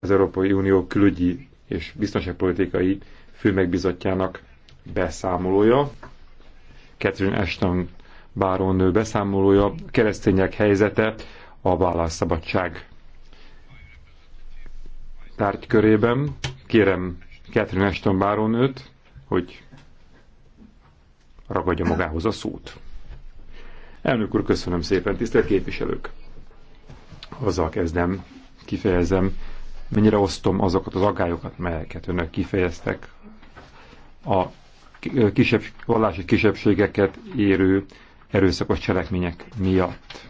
az Európai Unió külügyi és biztonságpolitikai főmegbizotjának beszámolója, Catherine Ashton bárónő beszámolója, keresztények helyzete a vallásszabadság tárgykörében. Kérem Catherine Ashton bárónőt, hogy ragadja magához a szót. Elnök úr, köszönöm szépen, tisztelt képviselők! Azzal kezdem, kifejezem mennyire osztom azokat az aggályokat, melyeket önök kifejeztek a kisebb, vallási kisebbségeket érő erőszakos cselekmények miatt.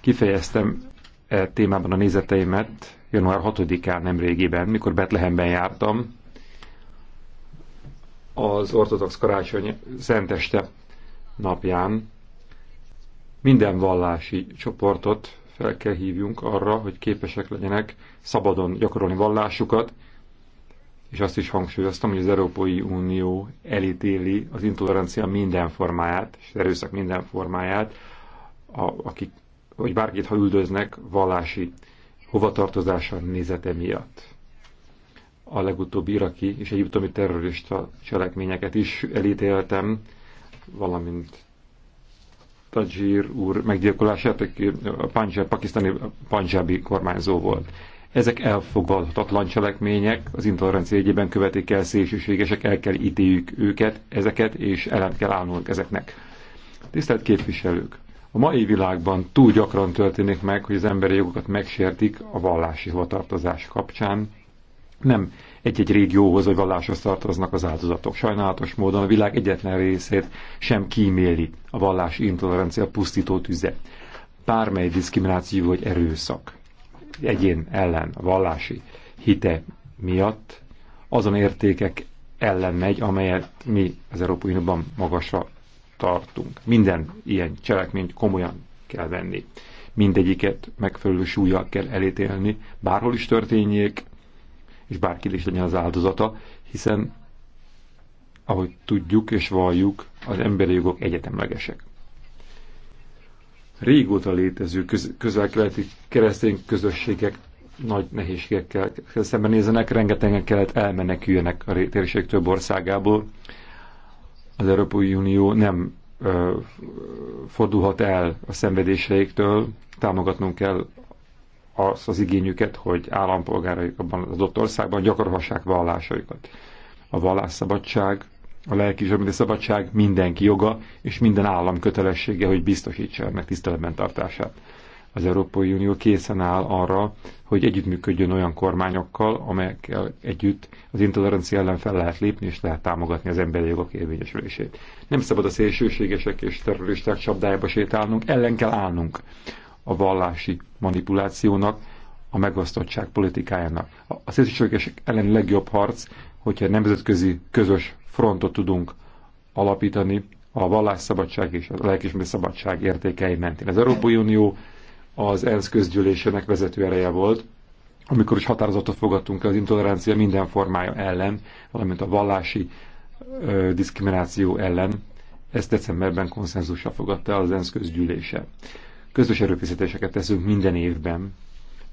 Kifejeztem e témában a nézeteimet január 6-án nemrégiben, mikor Betlehemben jártam, az ortodox karácsony szenteste napján minden vallási csoportot fel kell hívjunk arra, hogy képesek legyenek szabadon gyakorolni vallásukat, és azt is hangsúlyoztam, hogy az Európai Unió elítéli az intolerancia minden formáját, és az erőszak minden formáját, a, akik, hogy bárkit, ha üldöznek, vallási hovatartozása nézete miatt. A legutóbbi iraki és egyiptomi terrorista cselekményeket is elítéltem, valamint Tajir úr meggyilkolását, aki a Punjab, pakisztáni panjabi kormányzó volt. Ezek elfogadhatatlan cselekmények, az intolerancia egyében követik el szélsőségesek, el kell ítéljük őket, ezeket, és ellen kell állnunk ezeknek. Tisztelt képviselők! A mai világban túl gyakran történik meg, hogy az emberi jogokat megsértik a vallási hovatartozás kapcsán. Nem egy-egy régióhoz vagy valláshoz tartoznak az áldozatok. Sajnálatos módon a világ egyetlen részét sem kíméli a vallási intolerancia pusztító tüze. Bármely diszkrimináció vagy erőszak egyén ellen, a vallási hite miatt azon értékek ellen megy, amelyet mi az Európai Unióban magasra tartunk. Minden ilyen cselekményt komolyan kell venni mindegyiket megfelelő súlyjal kell elítélni, bárhol is történjék, és bárki is legyen az áldozata, hiszen ahogy tudjuk és valljuk, az emberi jogok egyetemlegesek. Régóta létező köz- közel-keleti keresztény közösségek nagy nehézségekkel szembenézenek, rengetegen kellett elmeneküljenek a térség több országából. Az Európai Unió nem ö, fordulhat el a szenvedéseiktől, támogatnunk kell az, az igényüket, hogy állampolgáraik abban az adott országban gyakorolhassák vallásaikat. A vallásszabadság, a lelki szabadság mindenki joga és minden állam kötelessége, hogy biztosítsa ennek tiszteletben tartását. Az Európai Unió készen áll arra, hogy együttműködjön olyan kormányokkal, amelyekkel együtt az intolerancia ellen fel lehet lépni és lehet támogatni az emberi jogok érvényesülését. Nem szabad a szélsőségesek és terroristák csapdájába sétálnunk, ellen kell állnunk a vallási manipulációnak, a megosztottság politikájának. A szélsőségesek ellen legjobb harc, hogyha nemzetközi közös frontot tudunk alapítani a vallásszabadság és a lelkismeri szabadság értékei mentén. Az Európai Unió az ENSZ közgyűlésének vezető ereje volt, amikor is határozatot fogadtunk az intolerancia minden formája ellen, valamint a vallási ö, diszkrimináció ellen. Ezt decemberben konszenzussal fogadta az ENSZ közgyűlése közös erőfeszítéseket teszünk minden évben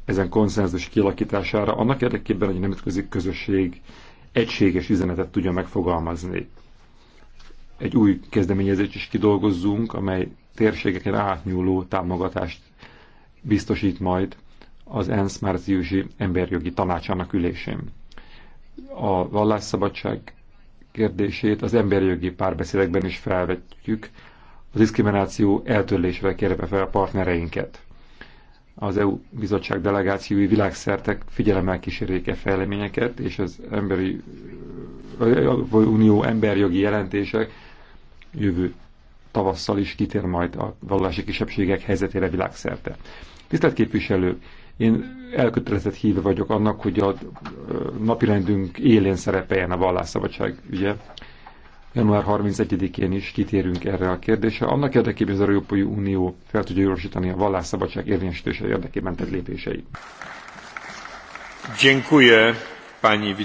ezen konszenzus kialakítására, annak érdekében, hogy a nemzetközi közösség egységes üzenetet tudja megfogalmazni. Egy új kezdeményezést is kidolgozzunk, amely térségeken átnyúló támogatást biztosít majd az ENSZ márciusi emberjogi tanácsának ülésén. A vallásszabadság kérdését az emberjogi párbeszédekben is felvetjük, a diszkrimináció eltörlésre kérve fel a partnereinket. Az EU bizottság delegációi világszertek figyelemmel kísérjék e fejleményeket, és az emberi, az unió emberjogi jelentések jövő tavasszal is kitér majd a vallási kisebbségek helyzetére világszerte. Tisztelt képviselők, én elkötelezett híve vagyok annak, hogy a napirendünk élén szerepeljen a vallásszabadság ügye, január 31-én is kitérünk erre a kérdésre. Annak érdekében az Európai Unió fel tudja gyorsítani a vallásszabadság érvényesítése érdekében tett lépéseit. Dziękuję, pani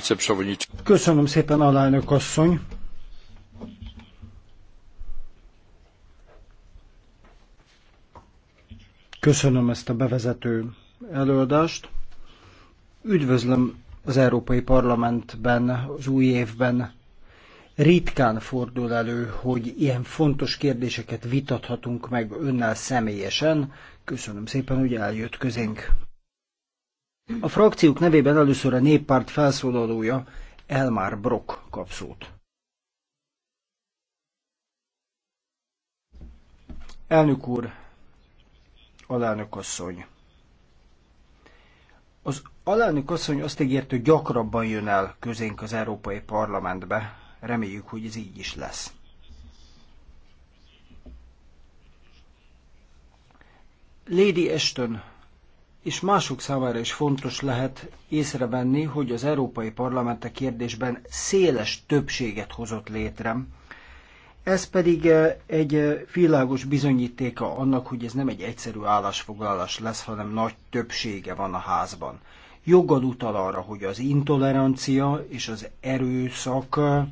Köszönöm szépen, alelnök asszony. Köszönöm ezt a bevezető előadást. Üdvözlöm az Európai Parlamentben az új évben ritkán fordul elő, hogy ilyen fontos kérdéseket vitathatunk meg önnel személyesen. Köszönöm szépen, hogy eljött közénk. A frakciók nevében először a néppárt felszólalója Elmár Brock kap szót. Elnök úr, alelnök asszony. Az alelnök asszony azt ígért, hogy gyakrabban jön el közénk az Európai Parlamentbe, Reméljük, hogy ez így is lesz. Lady Ashton és mások számára is fontos lehet észrevenni, hogy az Európai Parlament a kérdésben széles többséget hozott létre. Ez pedig eh, egy eh, világos bizonyítéka annak, hogy ez nem egy egyszerű állásfoglalás lesz, hanem nagy többsége van a házban. Joggal utal arra, hogy az intolerancia és az erőszak eh,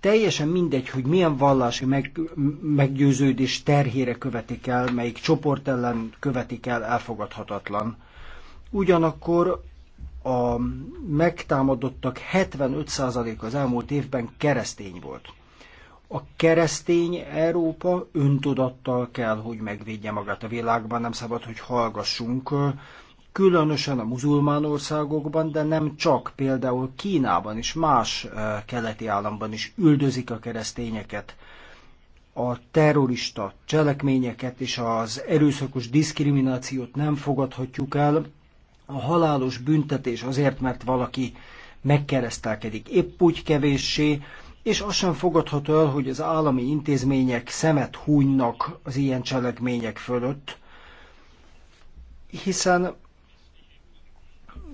Teljesen mindegy, hogy milyen vallási meg, meggyőződés terhére követik el, melyik csoport ellen követik el, elfogadhatatlan. Ugyanakkor a megtámadottak 75% az elmúlt évben keresztény volt. A keresztény Európa öntudattal kell, hogy megvédje magát a világban, nem szabad, hogy hallgassunk különösen a muzulmán országokban, de nem csak, például Kínában és más keleti államban is üldözik a keresztényeket, a terrorista cselekményeket és az erőszakos diszkriminációt nem fogadhatjuk el, a halálos büntetés azért, mert valaki megkeresztelkedik épp úgy kevéssé, és azt sem fogadható el, hogy az állami intézmények szemet hunynak az ilyen cselekmények fölött, hiszen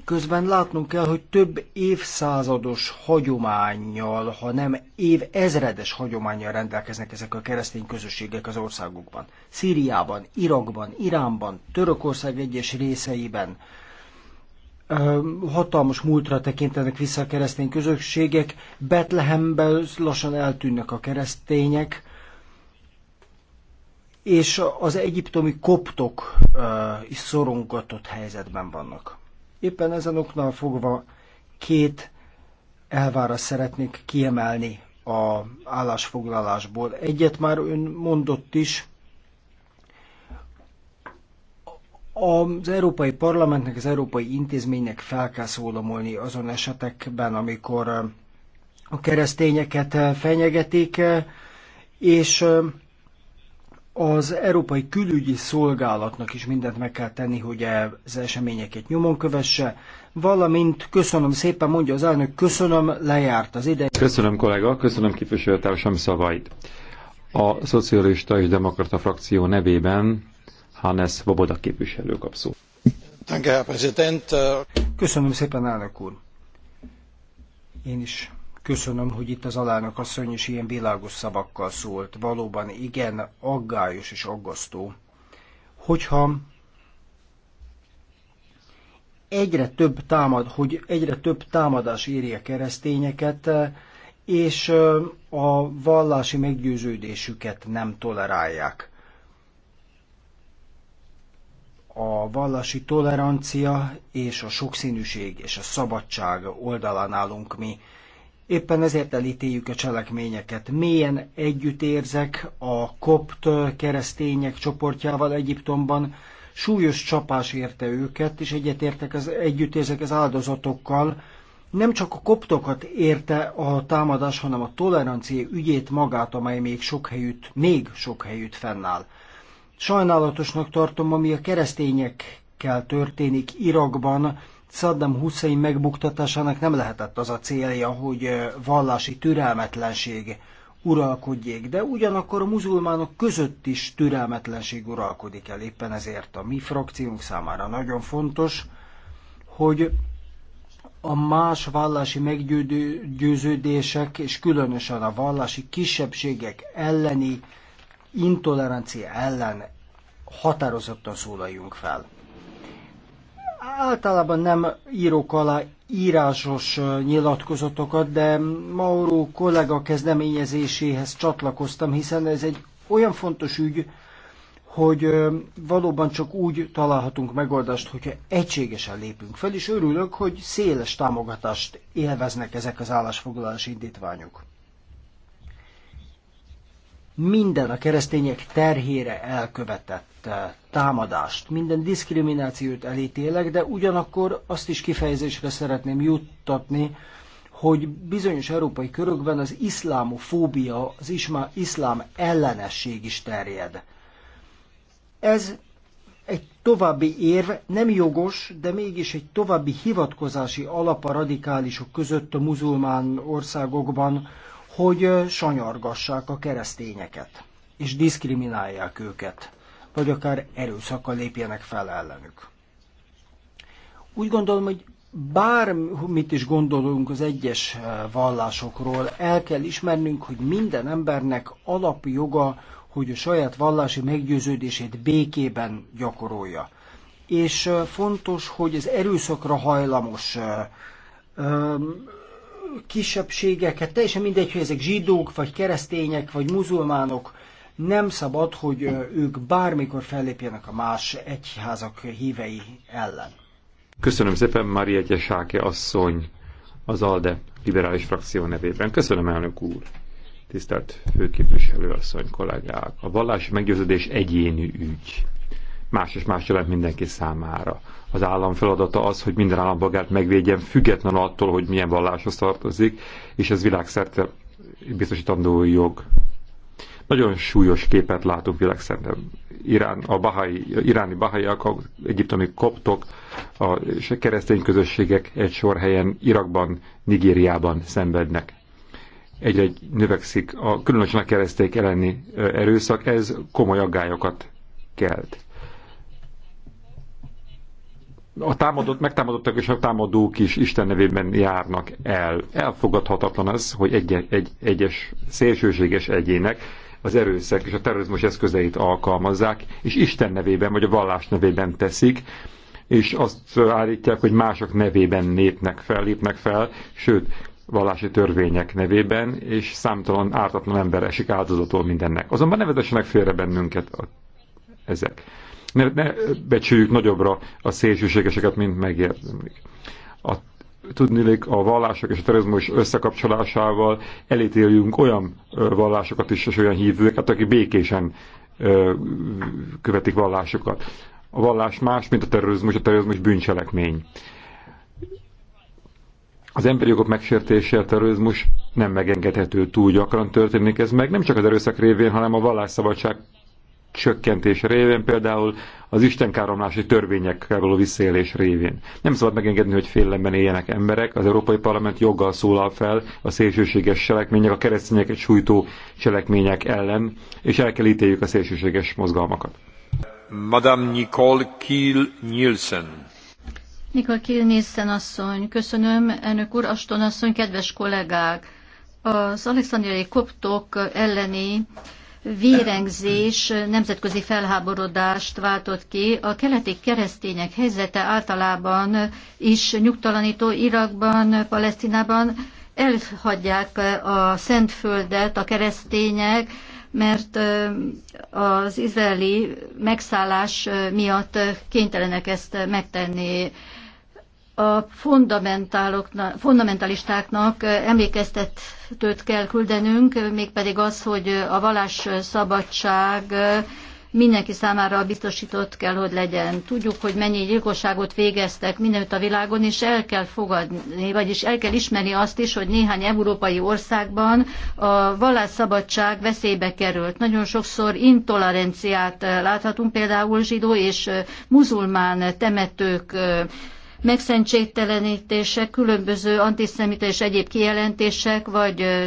Közben látnunk kell, hogy több évszázados hagyományjal, ha nem év ezredes hagyományjal rendelkeznek ezek a keresztény közösségek az országokban. Szíriában, Irakban, Iránban, Törökország egyes részeiben hatalmas múltra tekintenek vissza a keresztény közösségek, Betlehemben lassan eltűnnek a keresztények, és az egyiptomi koptok is szorongatott helyzetben vannak. Éppen ezen oknál fogva két elvára szeretnék kiemelni a állásfoglalásból. Egyet már ön mondott is, az Európai Parlamentnek, az Európai Intézménynek fel kell szólomolni azon esetekben, amikor a keresztényeket fenyegetik, és az Európai Külügyi Szolgálatnak is mindent meg kell tenni, hogy az eseményeket nyomon kövesse, valamint köszönöm szépen, mondja az elnök, köszönöm, lejárt az ideje. Köszönöm kollega, köszönöm képviselőtársam szavait. A Szocialista és Demokrata frakció nevében Hannes Voboda képviselő kap szó. Köszönöm szépen, elnök úr. Én is Köszönöm, hogy itt az alának asszony is ilyen világos szavakkal szólt. Valóban igen, aggályos és aggasztó. Hogyha egyre több támad, hogy egyre több támadás a keresztényeket, és a vallási meggyőződésüket nem tolerálják. A vallási tolerancia és a sokszínűség és a szabadság oldalán állunk mi Éppen ezért elítéljük a cselekményeket. Mélyen érzek a kopt keresztények csoportjával Egyiptomban. Súlyos csapás érte őket, és egyetértek az, együtt érzek az áldozatokkal. Nem csak a koptokat érte a támadás, hanem a tolerancia ügyét magát, amely még sok helyütt, még sok helyütt fennáll. Sajnálatosnak tartom, ami a keresztényekkel történik Irakban, Saddam Hussein megbuktatásának nem lehetett az a célja, hogy vallási türelmetlenség uralkodjék, de ugyanakkor a muzulmánok között is türelmetlenség uralkodik el. Éppen ezért a mi frakciónk számára nagyon fontos, hogy a más vallási meggyőződések, és különösen a vallási kisebbségek elleni intolerancia ellen határozottan szólaljunk fel általában nem írok alá írásos nyilatkozatokat, de Mauro kollega kezdeményezéséhez csatlakoztam, hiszen ez egy olyan fontos ügy, hogy valóban csak úgy találhatunk megoldást, hogyha egységesen lépünk fel, és örülök, hogy széles támogatást élveznek ezek az állásfoglalási indítványok minden a keresztények terhére elkövetett eh, támadást, minden diszkriminációt elítélek, de ugyanakkor azt is kifejezésre szeretném juttatni, hogy bizonyos európai körökben az iszlámofóbia, az iszlám ellenesség is terjed. Ez egy további érv, nem jogos, de mégis egy további hivatkozási alap a radikálisok között a muzulmán országokban, hogy sanyargassák a keresztényeket, és diszkriminálják őket, vagy akár erőszakkal lépjenek fel ellenük. Úgy gondolom, hogy bármit is gondolunk az egyes vallásokról, el kell ismernünk, hogy minden embernek alapjoga, hogy a saját vallási meggyőződését békében gyakorolja. És fontos, hogy az erőszakra hajlamos kisebbségeket, teljesen mindegy, hogy ezek zsidók, vagy keresztények, vagy muzulmánok, nem szabad, hogy ők bármikor fellépjenek a más egyházak hívei ellen. Köszönöm szépen, Marietje Sáke asszony, az ALDE liberális frakció nevében. Köszönöm, elnök úr! Tisztelt főképviselő asszony kollégák! A vallási meggyőződés egyéni ügy más és más jelent mindenki számára. Az állam feladata az, hogy minden állampolgárt megvédjen, független attól, hogy milyen valláshoz tartozik, és ez világszerte biztosítandó jog. Nagyon súlyos képet látunk világszerte. Irán, a bahai, iráni bahaiak, a egyiptomi koptok, a keresztény közösségek egy sor helyen Irakban, Nigériában szenvednek egyre -egy növekszik a különösen a kereszték elleni erőszak, ez komoly aggályokat kelt a támadott, megtámadottak és a támadók is Isten nevében járnak el. Elfogadhatatlan az, hogy egy, egy, egyes szélsőséges egyének az erőszak és a terrorizmus eszközeit alkalmazzák, és Isten nevében vagy a vallás nevében teszik, és azt állítják, hogy mások nevében népnek fel, lépnek fel, sőt, vallási törvények nevében, és számtalan ártatlan ember esik áldozatul mindennek. Azonban nevezessenek félre bennünket a, ezek ne, ne becsüljük nagyobbra a szélsőségeseket, mint megérdemlik. A tudnilik a vallások és a terrorizmus összekapcsolásával elítéljünk olyan vallásokat is, és olyan hívőket, akik békésen követik vallásokat. A vallás más, mint a terrorizmus, a terrorizmus bűncselekmény. Az emberi jogok megsértése, a terrorizmus nem megengedhető túl gyakran történik ez meg, nem csak az erőszak révén, hanem a vallásszabadság csökkentés révén, például az istenkáromlási törvényekkel való visszaélés révén. Nem szabad megengedni, hogy félelemben éljenek emberek. Az Európai Parlament joggal szólal fel a szélsőséges cselekmények, a keresztényeket sújtó cselekmények ellen, és el kell ítéljük a szélsőséges mozgalmakat. Madame Nicole Kiel Nielsen. Nicole Kiel Nielsen asszony, köszönöm, elnök úr, Aston asszony, kedves kollégák! Az alexandriai koptok elleni vérengzés nemzetközi felháborodást váltott ki. A keleti keresztények helyzete általában is nyugtalanító Irakban, Palesztinában elhagyják a Szentföldet a keresztények, mert az izraeli megszállás miatt kénytelenek ezt megtenni a fundamentalistáknak emlékeztetőt kell küldenünk, mégpedig az, hogy a vallás szabadság mindenki számára biztosított kell, hogy legyen. Tudjuk, hogy mennyi gyilkosságot végeztek mindenütt a világon, és el kell fogadni, vagyis el kell ismerni azt is, hogy néhány európai országban a vallásszabadság veszélybe került. Nagyon sokszor intoleranciát láthatunk, például zsidó és muzulmán temetők megszentségtelenítése, különböző antiszemita és egyéb kijelentések, vagy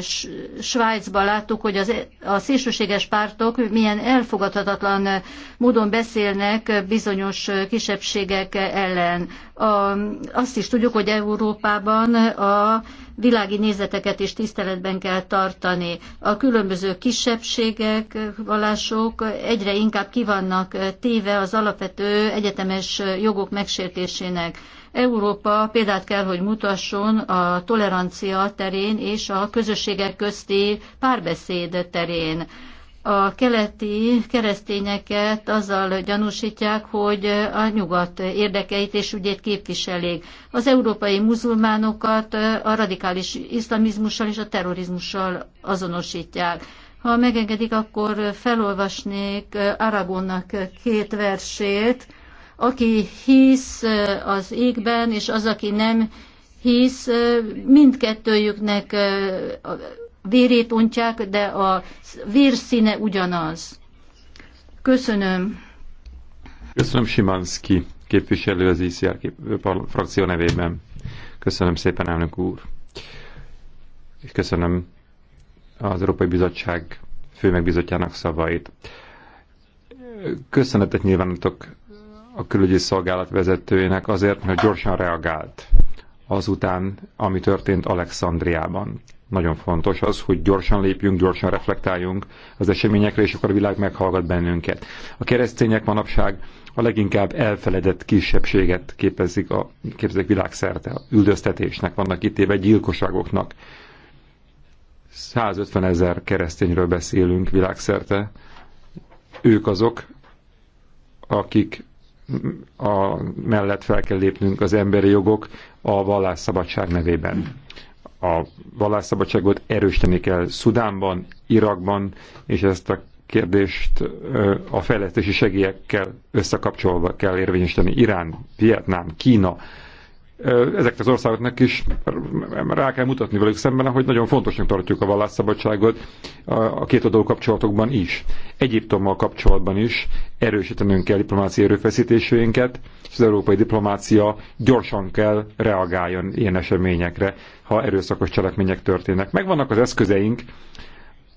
Svájcban láttuk, hogy az, e, a szélsőséges pártok milyen elfogadhatatlan módon beszélnek bizonyos kisebbségek ellen. A, azt is tudjuk, hogy Európában a világi nézeteket is tiszteletben kell tartani. A különböző kisebbségek, vallások egyre inkább kivannak téve az alapvető egyetemes jogok megsértésének. Európa példát kell, hogy mutasson a tolerancia terén és a közösségek közti párbeszéd terén a keleti keresztényeket azzal gyanúsítják, hogy a nyugat érdekeit és ügyét képviselik. Az európai muzulmánokat a radikális iszlamizmussal és a terrorizmussal azonosítják. Ha megengedik, akkor felolvasnék Aragonnak két versét. Aki hisz az égben, és az, aki nem hisz, mindkettőjüknek vérét ontják, de a vérszíne ugyanaz. Köszönöm. Köszönöm Simanski képviselő az ICR kép, frakció nevében. Köszönöm szépen, elnök úr. És köszönöm az Európai Bizottság főmegbizotjának szavait. Köszönetet nyilvánítok a külügyi szolgálat vezetőjének azért, mert gyorsan reagált azután, ami történt Alexandriában. Nagyon fontos az, hogy gyorsan lépjünk, gyorsan reflektáljunk az eseményekre, és akkor a világ meghallgat bennünket. A keresztények manapság a leginkább elfeledett kisebbséget képezik, a, képzik világszerte. a Üldöztetésnek vannak éve gyilkosságoknak. 150 ezer keresztényről beszélünk világszerte. Ők azok, akik a mellett fel kell lépnünk az emberi jogok a vallásszabadság nevében a vallásszabadságot erősíteni kell Szudánban, Irakban, és ezt a kérdést a fejlesztési segélyekkel összekapcsolva kell érvényesíteni Irán, Vietnám, Kína, ezek az országoknak is rá kell mutatni velük szemben, hogy nagyon fontosnak tartjuk a vallásszabadságot a két adó kapcsolatokban is. Egyiptommal kapcsolatban is erősítenünk kell diplomáciai erőfeszítéseinket, és az európai diplomácia gyorsan kell reagáljon ilyen eseményekre, ha erőszakos cselekmények történnek. Megvannak az eszközeink,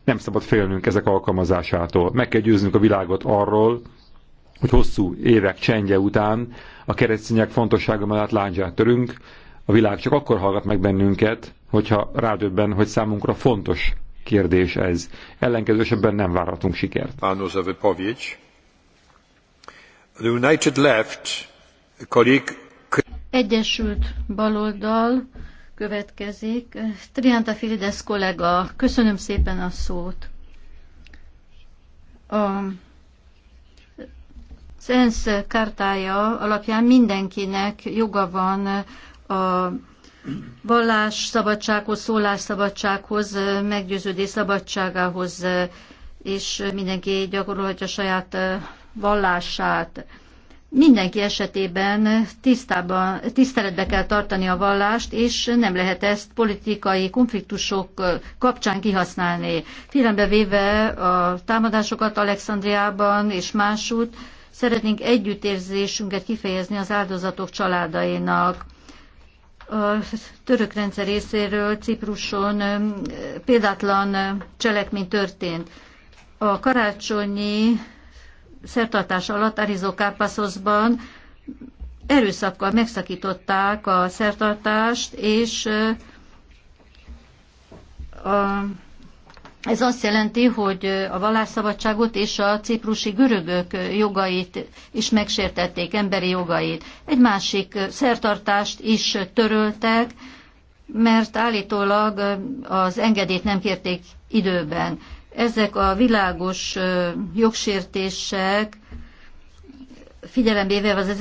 nem szabad félnünk ezek alkalmazásától. Meg kell győznünk a világot arról, hogy hosszú évek csendje után a keresztények fontossága mellett láncsát törünk, a világ csak akkor hallgat meg bennünket, hogyha rádöbben, hogy számunkra fontos kérdés ez. Ellenkező esetben nem várhatunk sikert. Ánoza wypowiedź. The United Left, kollég... Egyesült baloldal következik. Trianta Filides kollega, köszönöm szépen a szót. A az ENSZ kártája alapján mindenkinek joga van a vallás szabadsághoz, szabadsághoz, meggyőződés szabadságához, és mindenki gyakorolhatja saját vallását. Mindenki esetében tisztában, tiszteletbe kell tartani a vallást, és nem lehet ezt politikai konfliktusok kapcsán kihasználni. Figyelembe véve a támadásokat Alexandriában és másút, Szeretnénk együttérzésünket kifejezni az áldozatok családainak. A török rendszer részéről Cipruson példátlan cselekmény történt. A karácsonyi szertartás alatt Kápaszoszban erőszakkal megszakították a szertartást, és a ez azt jelenti, hogy a vallásszabadságot és a ciprusi görögök jogait is megsértették, emberi jogait. Egy másik szertartást is töröltek, mert állítólag az engedélyt nem kérték időben. Ezek a világos jogsértések figyelembe véve az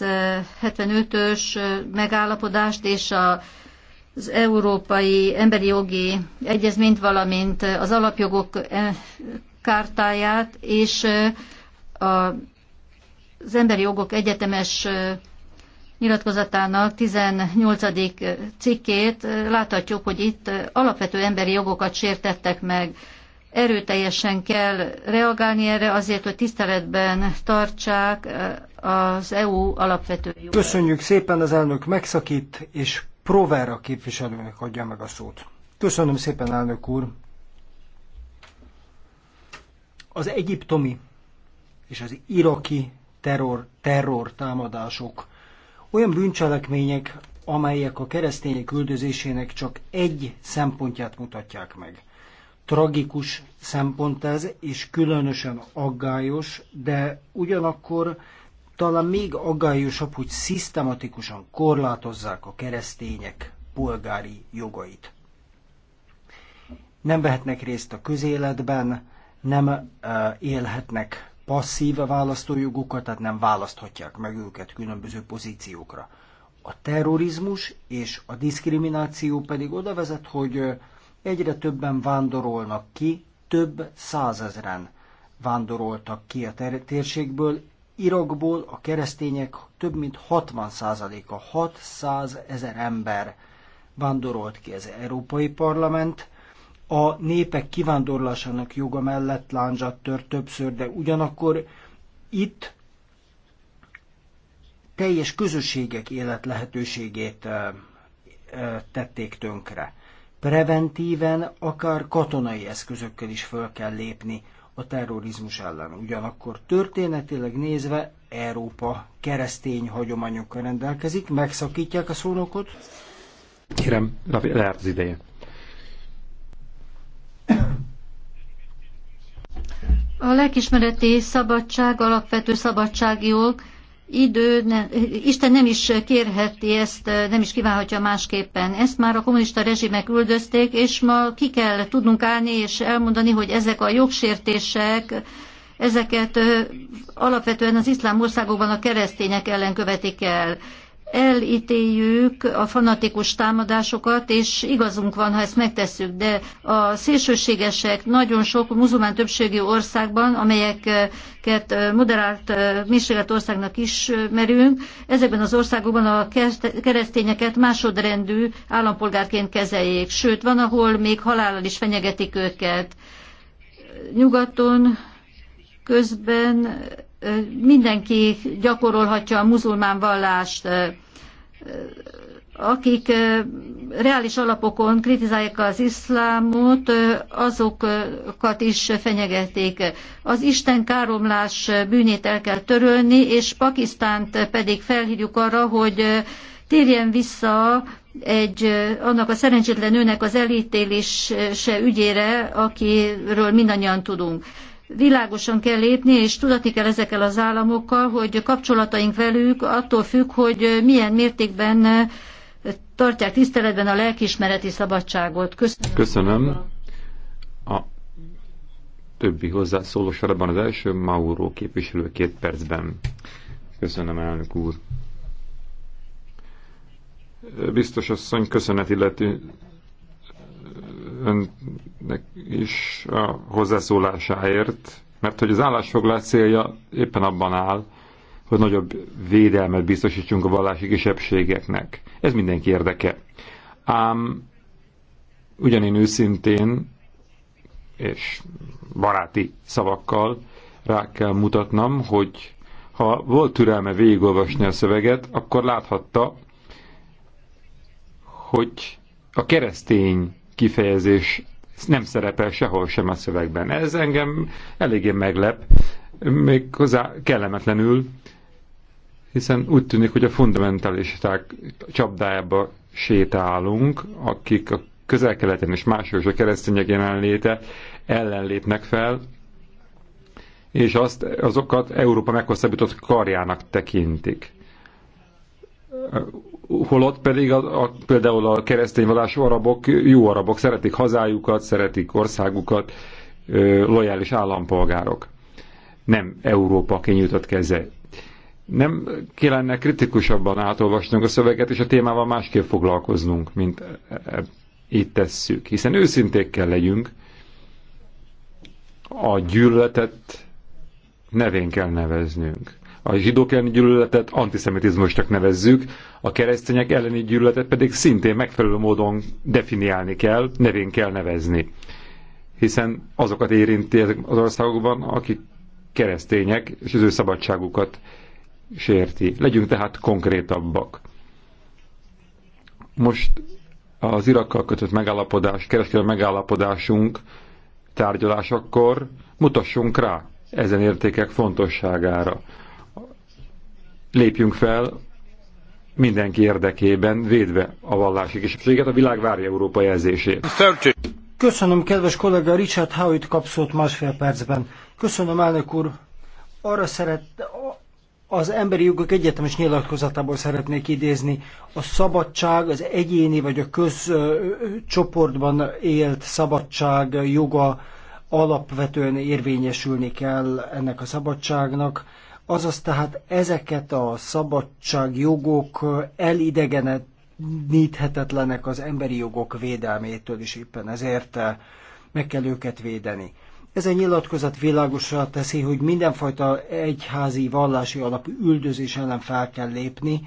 1975-ös megállapodást és a az Európai Emberi Jogi Egyezményt, valamint az alapjogok eh, kártáját és eh, az Emberi Jogok Egyetemes eh, nyilatkozatának 18. cikkét láthatjuk, hogy itt alapvető emberi jogokat sértettek meg. Erőteljesen kell reagálni erre azért, hogy tiszteletben tartsák az EU alapvető jogokat. Köszönjük szépen, az elnök megszakít, és Provera képviselőnek adja meg a szót. Köszönöm szépen, elnök úr! Az egyiptomi és az iraki terror, terror támadások olyan bűncselekmények, amelyek a keresztények üldözésének csak egy szempontját mutatják meg. Tragikus szempont ez, és különösen aggályos, de ugyanakkor talán még aggályosabb, hogy szisztematikusan korlátozzák a keresztények polgári jogait. Nem vehetnek részt a közéletben, nem e, élhetnek passzív választójogukat, tehát nem választhatják meg őket különböző pozíciókra. A terrorizmus és a diszkrimináció pedig oda vezet, hogy e, egyre többen vándorolnak ki, több százezren vándoroltak ki a térségből, Irakból a keresztények több mint 60%-a, 600 ezer ember vándorolt ki az Európai Parlament. A népek kivándorlásának joga mellett láncsat tört többször, de ugyanakkor itt teljes közösségek életlehetőségét tették tönkre. Preventíven, akár katonai eszközökkel is föl kell lépni, a terrorizmus ellen. Ugyanakkor történetileg nézve Európa keresztény hagyományokkal rendelkezik, megszakítják a szónokot. Kérem, leárt az ideje. A lelkismereti szabadság, alapvető szabadságjog idő, ne, Isten nem is kérheti ezt, nem is kívánhatja másképpen. Ezt már a kommunista rezsimek üldözték, és ma ki kell tudnunk állni és elmondani, hogy ezek a jogsértések, ezeket alapvetően az iszlám országokban a keresztények ellen követik el elítéljük a fanatikus támadásokat, és igazunk van, ha ezt megtesszük, de a szélsőségesek nagyon sok muzulmán többségű országban, amelyeket moderált mérséget országnak ismerünk, ezekben az országokban a keresztényeket másodrendű állampolgárként kezeljék, sőt, van, ahol még halállal is fenyegetik őket. Nyugaton közben mindenki gyakorolhatja a muzulmán vallást, akik reális alapokon kritizálják az iszlámot, azokat is fenyegették. Az Isten káromlás bűnét el kell törölni, és Pakisztánt pedig felhívjuk arra, hogy térjen vissza egy, annak a szerencsétlen nőnek az elítélése ügyére, akiről mindannyian tudunk világosan kell lépni, és tudatni kell ezekkel az államokkal, hogy kapcsolataink velük attól függ, hogy milyen mértékben tartják tiszteletben a lelkiismereti szabadságot. Köszönöm. Köszönöm. A többi hozzászóló sorban az első Mauro képviselő két percben. Köszönöm, elnök úr. Biztos asszony, köszönet illeti ön is a hozzászólásáért, mert hogy az állásfoglalás célja éppen abban áll, hogy nagyobb védelmet biztosítsunk a vallási kisebbségeknek. Ez mindenki érdeke. Ám ugyanén őszintén és baráti szavakkal rá kell mutatnom, hogy ha volt türelme végigolvasni a szöveget, akkor láthatta, hogy a keresztény kifejezés nem szerepel sehol sem a szövegben. Ez engem eléggé meglep, hozzá kellemetlenül, hiszen úgy tűnik, hogy a fundamentalisták csapdájába sétálunk, akik a közel-keleten és máshol is a keresztények jelenléte ellen lépnek fel, és azt, azokat Európa meghosszabbított karjának tekintik holott pedig a, a, például a keresztény vallású arabok jó arabok, szeretik hazájukat, szeretik országukat, ö, lojális állampolgárok. Nem Európa kinyújtott keze. Nem kellene kritikusabban átolvasnunk a szöveget, és a témával másképp foglalkoznunk, mint e, e, itt tesszük. Hiszen őszinték kell legyünk, a gyűlöletet nevén kell neveznünk a zsidók elleni gyűlöletet antiszemitizmusnak nevezzük, a keresztények elleni gyűlöletet pedig szintén megfelelő módon definiálni kell, nevén kell nevezni. Hiszen azokat érinti az országokban, akik keresztények, és az ő szabadságukat sérti. Legyünk tehát konkrétabbak. Most az Irakkal kötött megállapodás, kereskedelmi megállapodásunk tárgyalásakor mutassunk rá ezen értékek fontosságára lépjünk fel mindenki érdekében, védve a vallási kisebbséget, a világ várja Európa jelzését. Köszönöm, kedves kollega Richard Howitt kapszót másfél percben. Köszönöm, elnök úr. Arra szeret, az emberi jogok egyetemes nyilatkozatából szeretnék idézni. A szabadság, az egyéni vagy a közcsoportban élt szabadság joga alapvetően érvényesülni kell ennek a szabadságnak Azaz tehát ezeket a szabadságjogok níthetetlenek az emberi jogok védelmétől, és éppen ezért eh, meg kell őket védeni. Ez a nyilatkozat világosra teszi, hogy mindenfajta egyházi vallási alapú üldözés ellen fel kell lépni,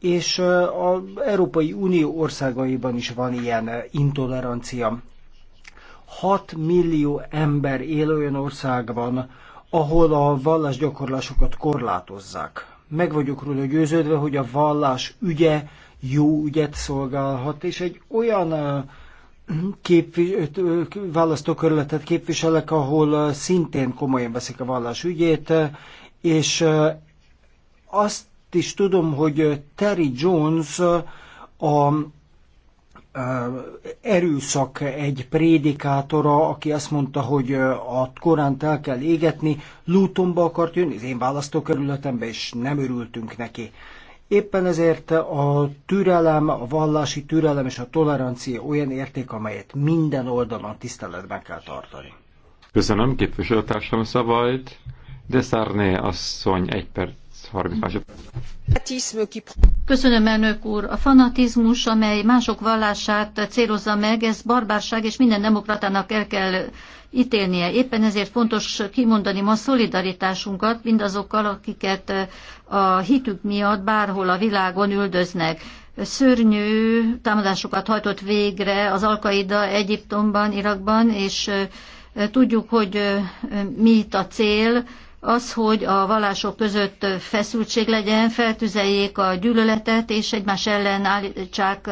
és eh, az Európai Unió országaiban is van ilyen eh, intolerancia. 6 millió ember él olyan országban, ahol a vallásgyakorlásokat korlátozzák. Meg vagyok róla győződve, hogy a vallás ügye jó ügyet szolgálhat, és egy olyan választókörületet képviselek, ahol szintén komolyan veszik a vallás ügyét, és azt is tudom, hogy Terry Jones a erőszak egy prédikátora, aki azt mondta, hogy a Koránt el kell égetni, Lutonba akart jönni az én választókerületembe, és nem örültünk neki. Éppen ezért a türelem, a vallási türelem és a tolerancia olyan érték, amelyet minden oldalon tiszteletben kell tartani. Köszönöm képviselőtársam szavait, de Szárné asszony egy perc 30 másodperc. Köszönöm, elnök úr. A fanatizmus, amely mások vallását célozza meg, ez barbárság, és minden demokratának el kell ítélnie. Éppen ezért fontos kimondani ma szolidaritásunkat mindazokkal, akiket a hitük miatt bárhol a világon üldöznek. Szörnyű támadásokat hajtott végre az Alkaida Egyiptomban, Irakban, és tudjuk, hogy mi itt a cél, az, hogy a vallások között feszültség legyen, feltüzeljék a gyűlöletet, és egymás ellen állítsák,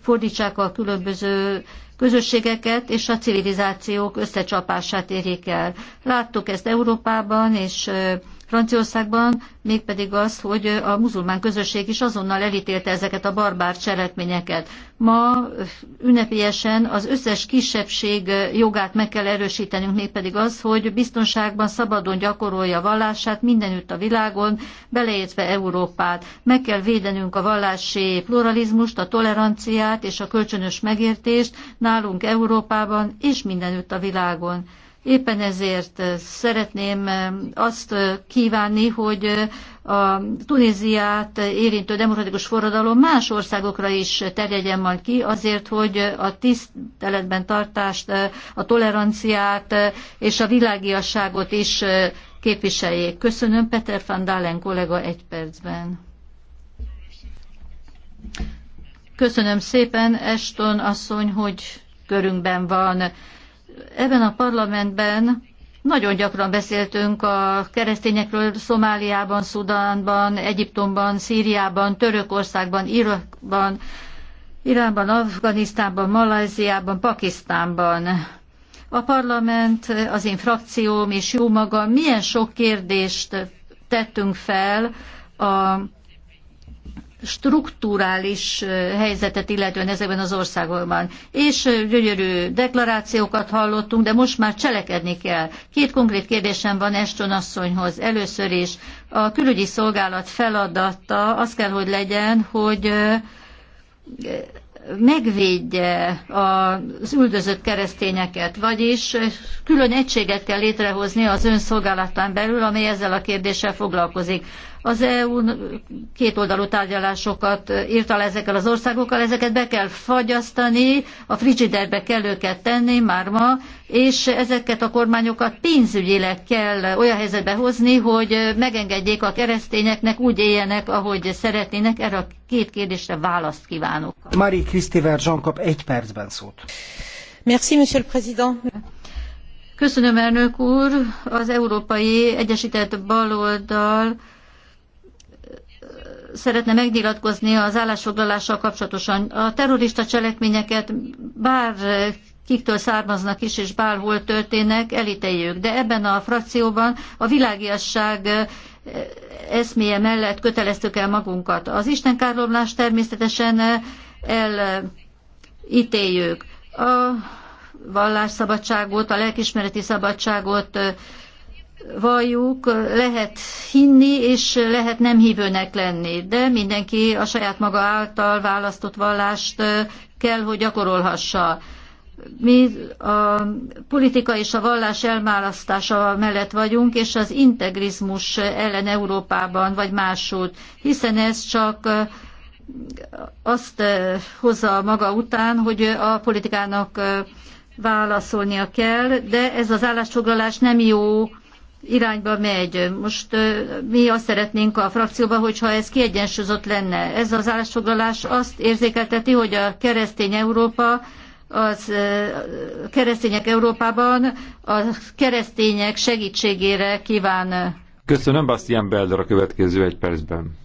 fordítsák a különböző közösségeket, és a civilizációk összecsapását érjék el. Láttuk ezt Európában, és Franciaországban, mégpedig az, hogy a muzulmán közösség is azonnal elítélte ezeket a barbár cselekményeket. Ma ünnepélyesen az összes kisebbség jogát meg kell erősítenünk, mégpedig az, hogy biztonságban szabadon gyakorolja vallását mindenütt a világon, beleértve Európát. Meg kell védenünk a vallási pluralizmust, a toleranciát és a kölcsönös megértést nálunk Európában és mindenütt a világon. Éppen ezért szeretném azt kívánni, hogy a Tunéziát érintő demokratikus forradalom más országokra is terjedjen majd ki, azért, hogy a tiszteletben tartást, a toleranciát és a világiasságot is képviseljék. Köszönöm, Peter van Dalen kollega egy percben. Köszönöm szépen, Eston asszony, hogy körünkben van ebben a parlamentben nagyon gyakran beszéltünk a keresztényekről Szomáliában, Szudánban, Egyiptomban, Szíriában, Törökországban, Irakban, Iránban, Afganisztánban, Malajziában, Pakisztánban. A parlament, az én frakcióm és jó maga milyen sok kérdést tettünk fel a strukturális helyzetet illetően ezekben az országokban. És gyönyörű deklarációkat hallottunk, de most már cselekedni kell. Két konkrét kérdésem van Eston asszonyhoz. Először is a külügyi szolgálat feladata az kell, hogy legyen, hogy megvédje az üldözött keresztényeket, vagyis külön egységet kell létrehozni az önszolgálatán belül, amely ezzel a kérdéssel foglalkozik. Az EU kétoldalú tárgyalásokat írta le ezekkel az országokkal, ezeket be kell fagyasztani, a frigiderbe kell őket tenni már ma, és ezeket a kormányokat pénzügyileg kell olyan helyzetbe hozni, hogy megengedjék a keresztényeknek, úgy éljenek, ahogy szeretnének. Erre a két kérdésre választ kívánok. Marie Christiver Jean kap egy percben szót. Merci, monsieur le président. Köszönöm, elnök úr. Az Európai Egyesített Baloldal szeretne megnyilatkozni az állásfoglalással kapcsolatosan. A terrorista cselekményeket bár kiktől származnak is, és bárhol történnek, elítéljük. De ebben a frakcióban a világiasság eszméje mellett köteleztük el magunkat. Az kárlomlás természetesen elítéljük. A vallásszabadságot, a lelkismereti szabadságot valljuk, lehet hinni, és lehet nem hívőnek lenni, de mindenki a saját maga által választott vallást kell, hogy gyakorolhassa. Mi a politika és a vallás elmálasztása mellett vagyunk, és az integrizmus ellen Európában, vagy máshogy, hiszen ez csak azt hozza maga után, hogy a politikának válaszolnia kell, de ez az állásfoglalás nem jó irányba megy. Most mi azt szeretnénk a frakcióban, hogyha ez kiegyensúlyozott lenne. Ez az állásfoglalás azt érzékelteti, hogy a keresztény Európa az keresztények Európában a keresztények segítségére kíván. Köszönöm, Bastian Belder a következő egy percben.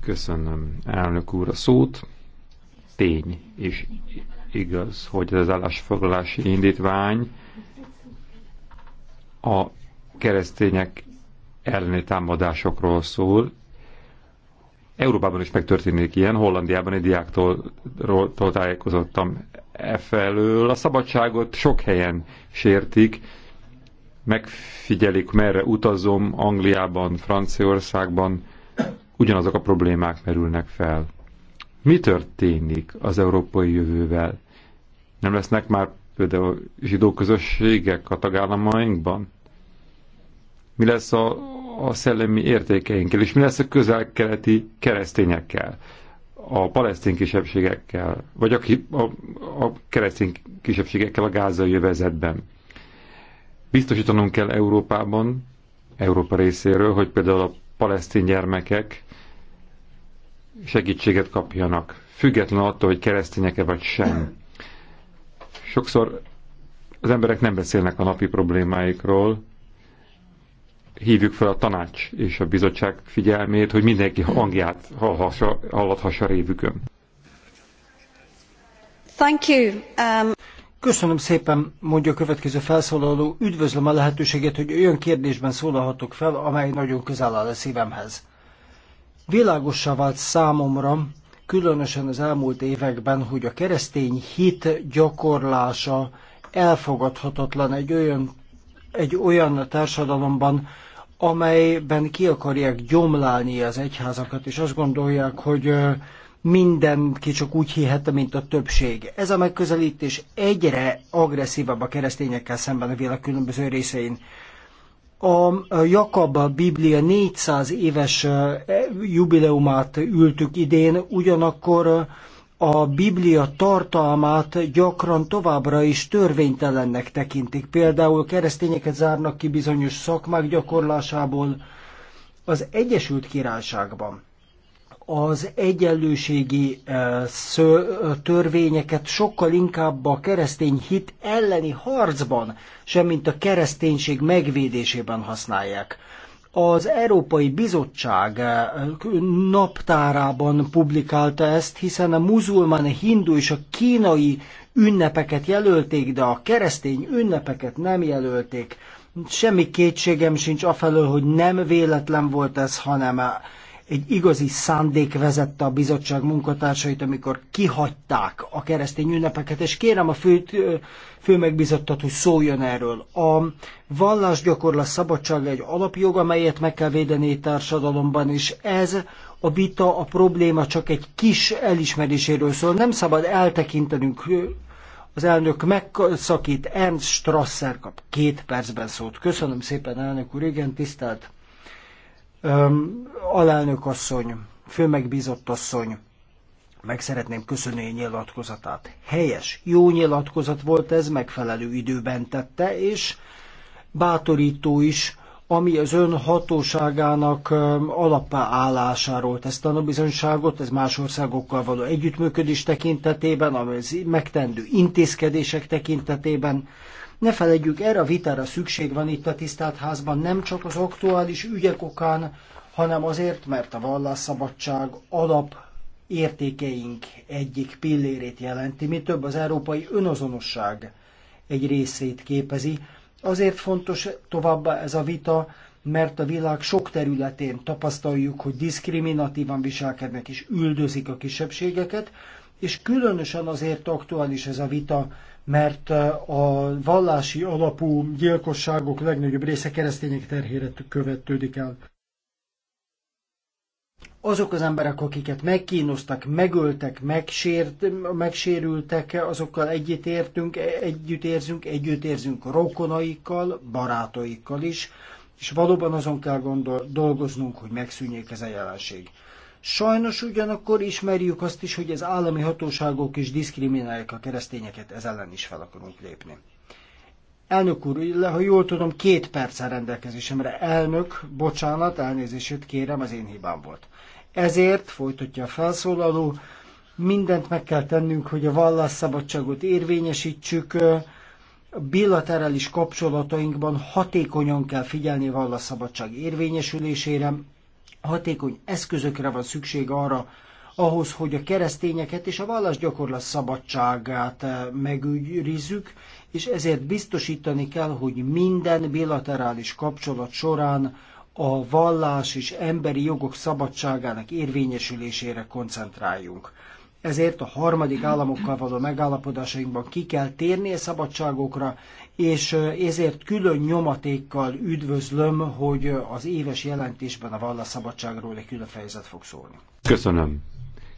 Köszönöm, elnök úr, a szót. Tény és igaz, hogy az állásfoglalási indítvány a keresztények elleni támadásokról szól. Európában is megtörténik ilyen, Hollandiában egy diáktól ról, tájékozottam e felől. A szabadságot sok helyen sértik, megfigyelik, merre utazom, Angliában, Franciaországban, ugyanazok a problémák merülnek fel. Mi történik az európai jövővel? Nem lesznek már például zsidó közösségek a tagállamainkban? mi lesz a, a szellemi értékeinkkel, és mi lesz a közel-keleti keresztényekkel, a palesztin kisebbségekkel, vagy a, a, a keresztény kisebbségekkel a gázai övezetben. Biztosítanunk kell Európában, Európa részéről, hogy például a palesztin gyermekek segítséget kapjanak, független attól, hogy keresztények-e vagy sem. Sokszor az emberek nem beszélnek a napi problémáikról, hívjuk fel a tanács és a bizottság figyelmét, hogy mindenki hangját hallathassa a révükön. Thank you. Um... Köszönöm szépen, mondja a következő felszólaló. Üdvözlöm a lehetőséget, hogy olyan kérdésben szólalhatok fel, amely nagyon közel áll a szívemhez. Világossá vált számomra, különösen az elmúlt években, hogy a keresztény hit gyakorlása elfogadhatatlan egy olyan, egy olyan társadalomban, amelyben ki akarják gyomlálni az egyházakat, és azt gondolják, hogy mindenki csak úgy hihette, mint a többség. Ez a megközelítés egyre agresszívabb a keresztényekkel szemben a világ különböző részein. A Jakab Biblia 400 éves e, jubileumát ültük idén, ugyanakkor a Biblia tartalmát gyakran továbbra is törvénytelennek tekintik. Például keresztényeket zárnak ki bizonyos szakmák gyakorlásából. Az Egyesült Királyságban az egyenlőségi eh, törvényeket sokkal inkább a keresztény hit elleni harcban, semmint a kereszténység megvédésében használják az Európai Bizottság eh, naptárában publikálta ezt, hiszen a muzulmán, a hindu és a kínai ünnepeket jelölték, de a keresztény ünnepeket nem jelölték. Semmi kétségem sincs afelől, hogy nem véletlen volt ez, hanem eh, egy igazi szándék vezette a bizottság munkatársait, amikor kihagyták a keresztény ünnepeket, és kérem a fő, fő megbizottat, hogy szóljon erről. A vallásgyakorlás szabadsága egy alapjog, amelyet meg kell védeni társadalomban, és ez a vita, a probléma csak egy kis elismeréséről szól. Nem szabad eltekintenünk az elnök megszakít, Ernst Strasser kap két percben szót. Köszönöm szépen, elnök úr, igen, tisztelt Öm, alelnök asszony, főmegbízott asszony, meg szeretném köszönni a nyilatkozatát. Helyes, jó nyilatkozat volt ez, megfelelő időben tette, és bátorító is, ami az ön hatóságának alapállásáról, állásáról tesz tanúbizonyságot, ez más országokkal való együttműködés tekintetében, az megtendő intézkedések tekintetében, ne felejtjük, erre a vitára szükség van itt a tisztelt házban, nem csak az aktuális ügyek okán, hanem azért, mert a vallásszabadság alap értékeink egyik pillérét jelenti, mi több az európai önazonosság egy részét képezi. Azért fontos továbbá ez a vita, mert a világ sok területén tapasztaljuk, hogy diszkriminatívan viselkednek és üldözik a kisebbségeket, és különösen azért aktuális ez a vita, mert eh, a vallási alapú gyilkosságok legnagyobb része keresztények terhére követődik el. Azok az emberek, akiket megkínoztak, megöltek, megsért, megsérültek, azokkal érzünk, együttérzünk, együttérzünk rokonaikkal, barátaikkal is, és valóban azon kell gondol, dolgoznunk, hogy megszűnjék ez a jelenség. Sajnos ugyanakkor ismerjük azt is, hogy az állami hatóságok is diszkriminálják a keresztényeket, ez ellen is fel akarunk lépni. Elnök úr, ha jól tudom, két perccel rendelkezésemre. Elnök, bocsánat, elnézését kérem, az én hibám volt. Ezért, folytatja a felszólaló, mindent meg kell tennünk, hogy a vallásszabadságot érvényesítsük, a bilaterális kapcsolatainkban hatékonyan kell figyelni a vallásszabadság érvényesülésére, hatékony eszközökre van szükség arra, ahhoz, hogy a keresztényeket és a vallás gyakorlat szabadságát eh, megőrizzük, és ezért biztosítani kell, hogy minden bilaterális kapcsolat során a vallás és emberi jogok szabadságának érvényesülésére koncentráljunk. Ezért a harmadik államokkal való megállapodásainkban ki kell térni a szabadságokra, és ezért külön nyomatékkal üdvözlöm, hogy az éves jelentésben a vallásszabadságról egy külön fejezet fog szólni. Köszönöm.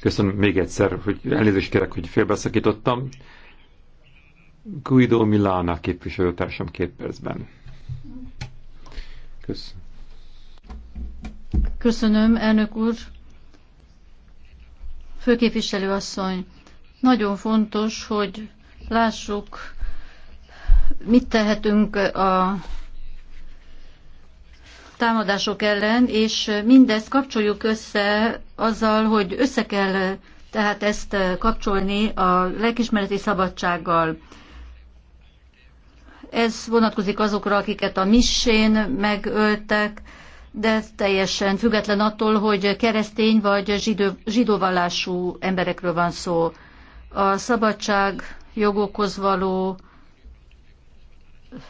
Köszönöm még egyszer, hogy elnézést kérek, hogy félbeszakítottam. Guido Milana képviselőtársam két percben. Köszönöm. Köszönöm, elnök úr. Főképviselő asszony, nagyon fontos, hogy lássuk mit tehetünk a támadások ellen, és mindezt kapcsoljuk össze azzal, hogy össze kell tehát ezt kapcsolni a lelkismereti szabadsággal. Ez vonatkozik azokra, akiket a missén megöltek, de teljesen független attól, hogy keresztény vagy zsidó, zsidóvallású emberekről van szó. A szabadság jogokhoz való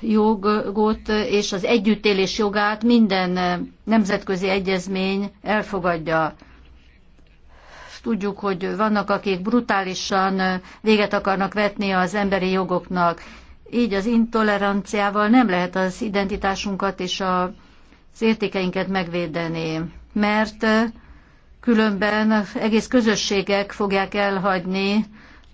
jogot és az együttélés jogát minden nemzetközi egyezmény elfogadja. Tudjuk, hogy vannak, akik brutálisan véget akarnak vetni az emberi jogoknak. Így az intoleranciával nem lehet az identitásunkat és az értékeinket megvédeni, mert különben egész közösségek fogják elhagyni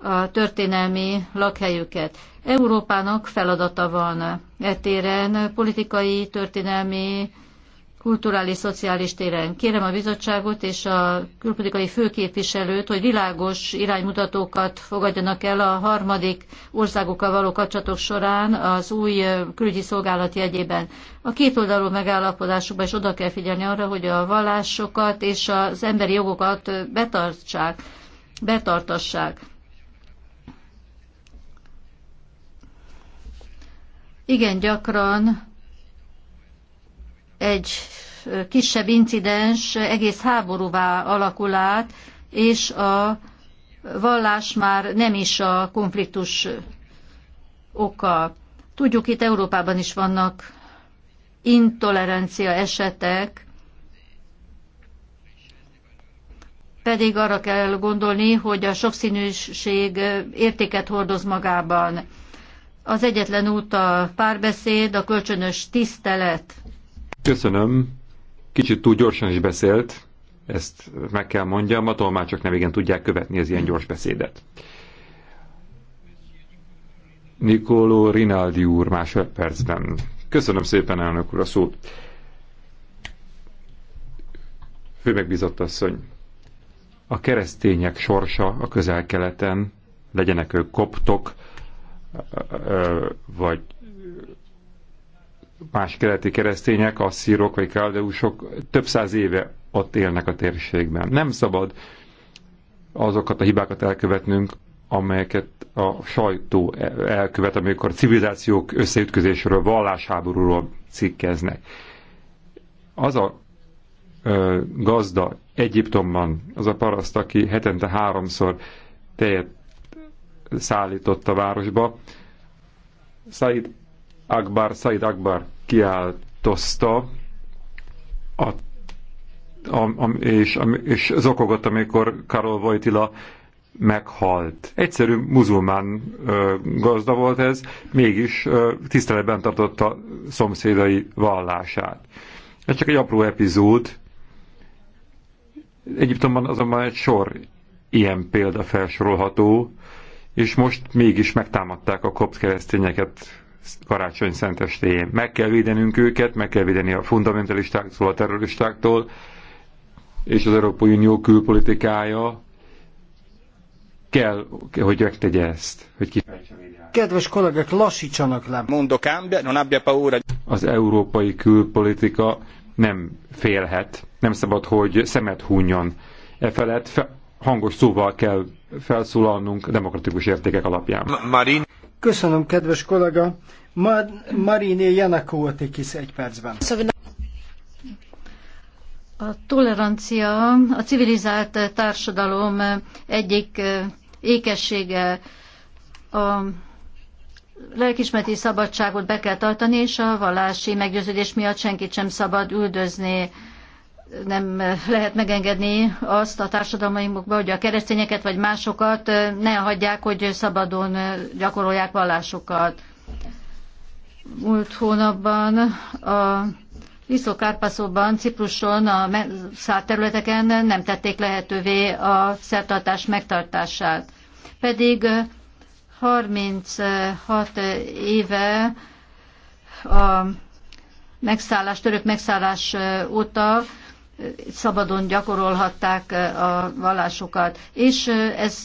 a történelmi lakhelyüket. Európának feladata van etéren, politikai, történelmi, kulturális, szociális téren. Kérem a bizottságot és a külpolitikai főképviselőt, hogy világos iránymutatókat fogadjanak el a harmadik országokkal való kapcsolatok során az új külügyi szolgálat jegyében. A kétoldalú megállapodásokban is oda kell figyelni arra, hogy a vallásokat és az emberi jogokat betartsák, betartassák igen gyakran egy kisebb incidens egész háborúvá alakul át, és a vallás már nem is a konfliktus oka. Tudjuk, itt Európában is vannak intolerancia esetek, pedig arra kell gondolni, hogy a sokszínűség értéket hordoz magában. Az egyetlen út a párbeszéd, a kölcsönös tisztelet. Köszönöm. Kicsit túl gyorsan is beszélt, ezt meg kell mondjam, a tolmácsok nem igen tudják követni az ilyen gyors beszédet. Nikoló Rinaldi úr másodpercben. Köszönöm szépen, elnök úr, a szót. Főmegbízott asszony, a keresztények sorsa a közel-keleten, legyenek ők koptok, vagy más keleti keresztények, asszírok vagy káldeusok több száz éve ott élnek a térségben. Nem szabad azokat a hibákat elkövetnünk, amelyeket a sajtó elkövet, amikor civilizációk összeütközésről, vallásháborúról cikkeznek. Az a ö, gazda Egyiptomban, az a paraszt, aki hetente háromszor tejet szállított a városba. Said Akbar, Said Akbar kiáltozta, a, a, a, és, a, és zokogott, amikor Karol Vojtila meghalt. Egyszerű muzulmán ö, gazda volt ez, mégis ö, tiszteletben tartotta szomszédai vallását. Ez csak egy apró epizód. Egyiptomban azonban egy sor ilyen példa felsorolható, és most mégis megtámadták a kopt keresztényeket karácsony szentestéjén. Meg kell védenünk őket, meg kell védeni a fundamentalistáktól, a terroristáktól, és az Európai Unió külpolitikája kell, hogy megtegye ezt, hogy ki... Kedves kollégek, lassítsanak le! Mondo cambia, non abbia paura. Az európai külpolitika nem félhet, nem szabad, hogy szemet hunjon. E felett hangos szóval kell felszólalnunk demokratikus értékek alapján. Marin. Köszönöm, kedves kollega. Mar Mariné Janakóotikis egy percben. A tolerancia a civilizált társadalom egyik eh, ékessége a lelkismereti szabadságot be kell tartani, és a vallási meggyőződés miatt senkit sem szabad üldözni nem lehet megengedni azt a társadalmainkban, hogy a keresztényeket vagy másokat ne hagyják, hogy szabadon gyakorolják vallásukat. Múlt hónapban a Viszokárpaszóban, Cipruson, a szállt területeken nem tették lehetővé a szertartás megtartását. Pedig 36 éve a megszállás, török megszállás óta szabadon gyakorolhatták a vallásukat. És ez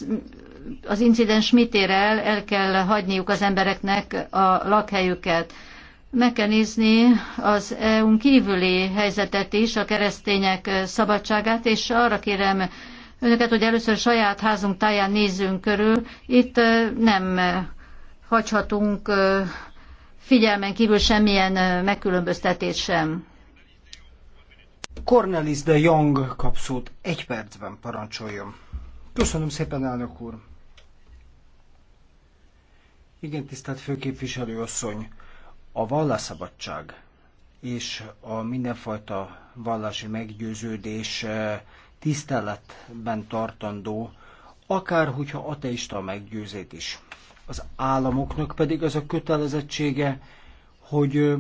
az incidens mit ér el, el kell hagyniuk az embereknek a lakhelyüket. Meg kell nézni az EU-n kívüli helyzetet is, a keresztények szabadságát, és arra kérem önöket, hogy először saját házunk táján nézzünk körül. Itt nem hagyhatunk figyelmen kívül semmilyen megkülönböztetés sem. Cornelis de Jong kap Egy percben parancsoljon. Köszönöm szépen, elnök úr. Igen, tisztelt főképviselő asszony, a vallásszabadság és a mindenfajta vallási meggyőződés eh, tiszteletben tartandó, akár hogyha ateista a meggyőzét is. Az államoknak pedig az a kötelezettsége, hogy eh,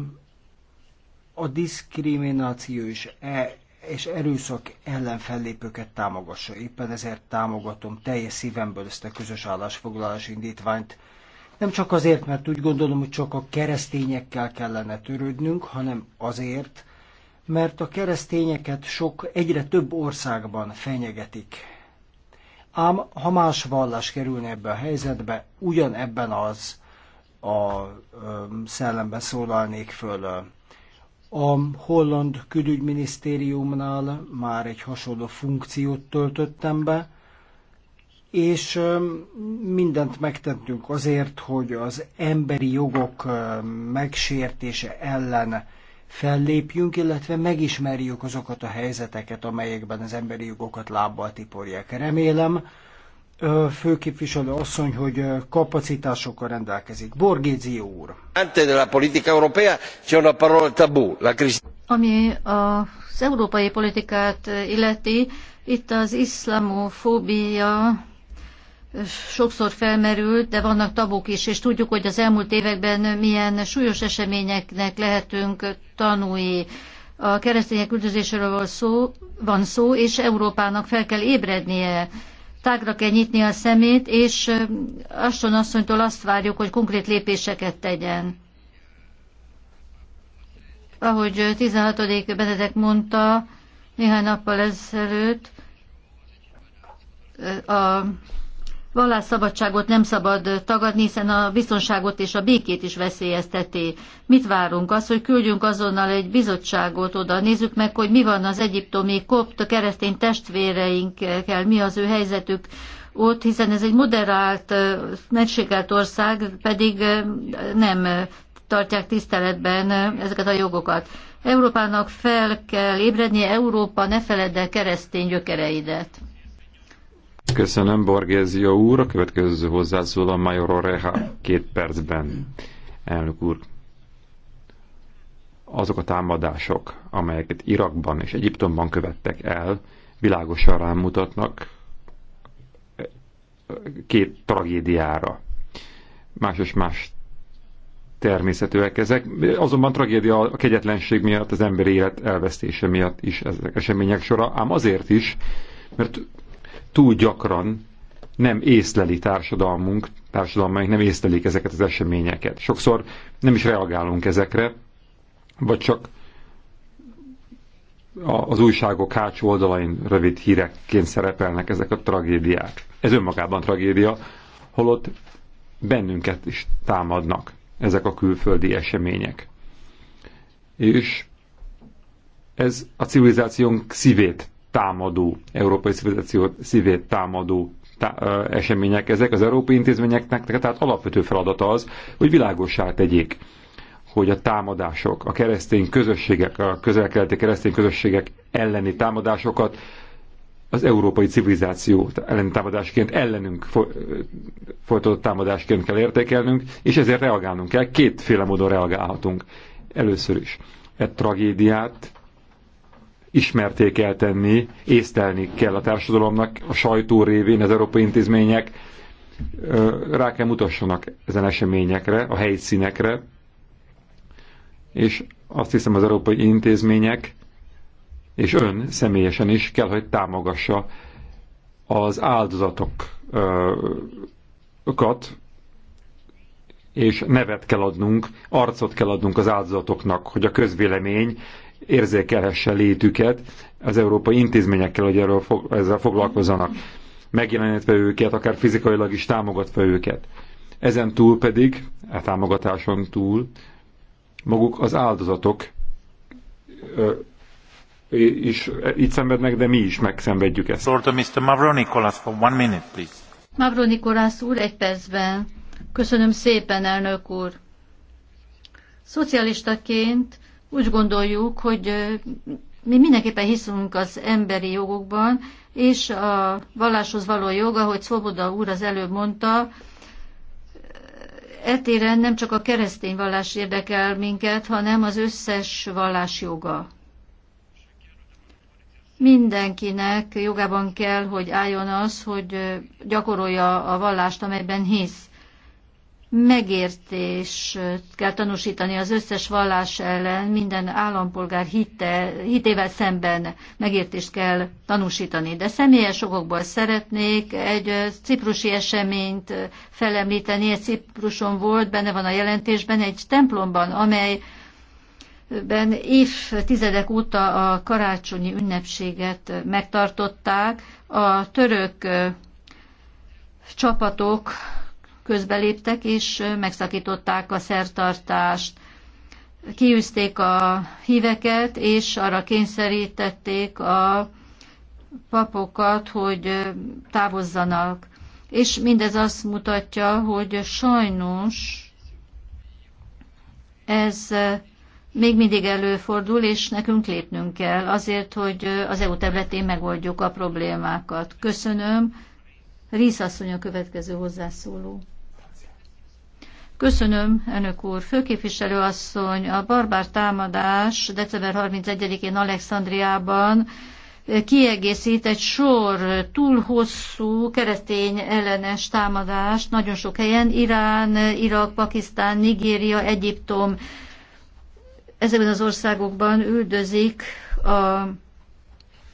a diszkrimináció és, e, és erőszak ellen fellépőket támogassa. Éppen ezért támogatom teljes szívemből ezt a közös állásfoglalás indítványt. Nem csak azért, mert úgy gondolom, hogy csak a keresztényekkel kellene törődnünk, hanem azért, mert a keresztényeket sok, egyre több országban fenyegetik. Ám ha más vallás kerülne ebbe a helyzetbe, ugyan ebben az a szellemben szólalnék föl a holland külügyminisztériumnál már egy hasonló funkciót töltöttem be, és um, mindent megtettünk azért, hogy az emberi jogok um, megsértése ellen fellépjünk, illetve megismerjük azokat a helyzeteket, amelyekben az emberi jogokat lábbal tiporják. Remélem, főképviselő asszony, hogy kapacitásokkal rendelkezik. Borgézió úr. Ami az európai politikát illeti, itt az iszlamofóbia sokszor felmerült, de vannak tabuk is, és tudjuk, hogy az elmúlt években milyen súlyos eseményeknek lehetünk tanulni. A keresztények üldözéséről van szó, és Európának fel kell ébrednie tágra kell nyitni a szemét, és Aston asszonytól azt várjuk, hogy konkrét lépéseket tegyen. Ahogy 16. Benedek mondta néhány nappal ezelőtt, a vallásszabadságot nem szabad tagadni, hiszen a biztonságot és a békét is veszélyezteti. Mit várunk? Az, hogy küldjünk azonnal egy bizottságot oda. Nézzük meg, hogy mi van az egyiptomi kopt keresztény testvéreinkkel, mi az ő helyzetük ott, hiszen ez egy moderált, megségelt ország, pedig nem tartják tiszteletben ezeket a jogokat. Európának fel kell ébrednie, Európa ne feledd el keresztény gyökereidet. Köszönöm, Borgézia úr. A következő hozzászól a Major Oreha két percben. Elnök úr, azok a támadások, amelyeket Irakban és Egyiptomban követtek el, világosan rámutatnak mutatnak két tragédiára. Más és más természetűek ezek. Azonban tragédia a kegyetlenség miatt, az emberi élet elvesztése miatt is ezek események sora, ám azért is, mert túl gyakran nem észleli társadalmunk, társadalmaink nem észlelik ezeket az eseményeket. Sokszor nem is reagálunk ezekre, vagy csak az újságok hátsó oldalain rövid hírekként szerepelnek ezek a tragédiák. Ez önmagában tragédia, holott bennünket is támadnak ezek a külföldi események. És ez a civilizációnk szívét támadó, európai civilizáció szívét támadó tá események ezek az európai intézményeknek, tehát alapvető feladata az, hogy világossá tegyék, hogy a támadások, a keresztény közösségek, a közel-keleti keresztény közösségek elleni támadásokat az európai civilizáció elleni támadásként, ellenünk folytatott támadásként kell értékelnünk, és ezért reagálnunk kell. Kétféle módon reagálhatunk. Először is egy tragédiát ismerté kell tenni, észtelni kell a társadalomnak, a sajtó révén az európai intézmények rá kell mutassanak ezen eseményekre, a helyszínekre, és azt hiszem az európai intézmények és ön személyesen is kell, hogy támogassa az áldozatokat, és nevet kell adnunk, arcot kell adnunk az áldozatoknak, hogy a közvélemény érzékelhesse létüket, az európai intézményekkel, hogy erről fo ezzel foglalkozzanak, megjelenítve őket, akár fizikailag is támogatva őket. Ezen túl pedig, a e támogatáson túl, maguk az áldozatok ö, is e, itt szenvednek, de mi is megszenvedjük ezt. Sort Mr. Mavronikolas, for one minute, please. Mavronikolas úr, egy percben. Köszönöm szépen, elnök úr. Szocialistaként úgy gondoljuk, hogy mi mindenképpen hiszünk az emberi jogokban, és a valláshoz való joga, hogy Szoboda úr az előbb mondta, etéren nem csak a keresztény vallás érdekel minket, hanem az összes vallás joga. Mindenkinek jogában kell, hogy álljon az, hogy gyakorolja a vallást, amelyben hisz megértés kell tanúsítani az összes vallás ellen, minden állampolgár hite hitével szemben megértést kell tanúsítani. De személyes okokból szeretnék egy ciprusi eseményt felemlíteni, egy cipruson volt, benne van a jelentésben, egy templomban, amely ben évtizedek óta a karácsonyi ünnepséget megtartották. A török csapatok közbeléptek és megszakították a szertartást. Kiűzték a híveket, és arra kényszerítették a papokat, hogy távozzanak. És mindez azt mutatja, hogy sajnos ez még mindig előfordul, és nekünk lépnünk kell azért, hogy az EU területén megoldjuk a problémákat. Köszönöm. Rísz asszony a következő hozzászóló. Köszönöm, elnök úr. Főképviselő asszony, a barbár támadás december 31-én Alexandriában kiegészít egy sor túl hosszú keresztény ellenes támadást nagyon sok helyen, Irán, Irak, Pakisztán, Nigéria, Egyiptom, ezekben az országokban üldözik a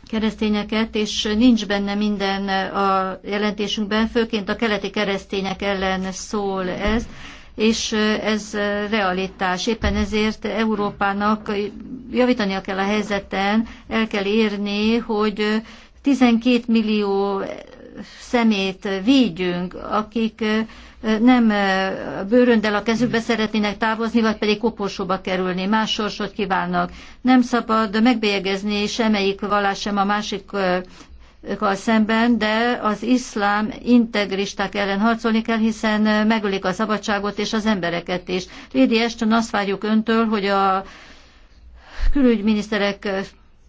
keresztényeket, és nincs benne minden a jelentésünkben, főként a keleti keresztények ellen szól ez és ez realitás. Éppen ezért Európának javítania kell a helyzeten, el kell érni, hogy 12 millió szemét védjünk, akik nem bőröndel a kezükbe szeretnének távozni, vagy pedig koporsóba kerülni, más sorsot kívánnak. Nem szabad megbélyegezni semmelyik vallás sem a másik szemben, de az iszlám integristák ellen harcolni kell, hiszen megölik a szabadságot és az embereket is. Lady Eston, azt várjuk öntől, hogy a külügyminiszterek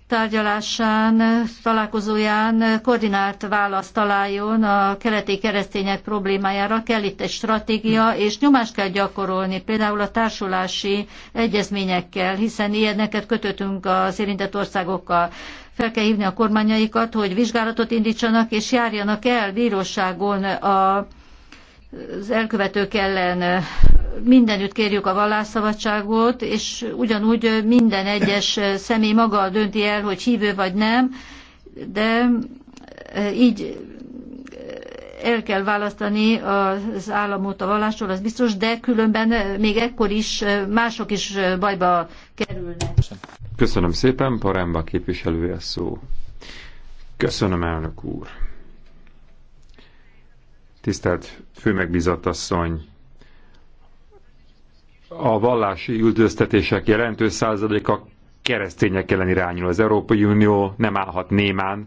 tárgyalásán, találkozóján koordinált választ találjon a keleti keresztények problémájára. Kell itt egy stratégia, és nyomást kell gyakorolni, például a társulási egyezményekkel, hiszen ilyeneket kötöttünk az érintett országokkal fel kell hívni a kormányaikat, hogy vizsgálatot indítsanak és járjanak el bíróságon a, az elkövetők ellen. Mindenütt kérjük a vallásszabadságot, és ugyanúgy minden egyes személy maga dönti el, hogy hívő vagy nem, de e, így el kell választani az államot a vallástól, az biztos, de különben még ekkor is e, mások is e, bajba kerülnek. Köszönöm szépen, Paremba képviselője szó. Köszönöm, elnök úr. Tisztelt asszony, a vallási üldöztetések jelentős százaléka keresztények ellen irányul. Az Európai Unió nem állhat némán,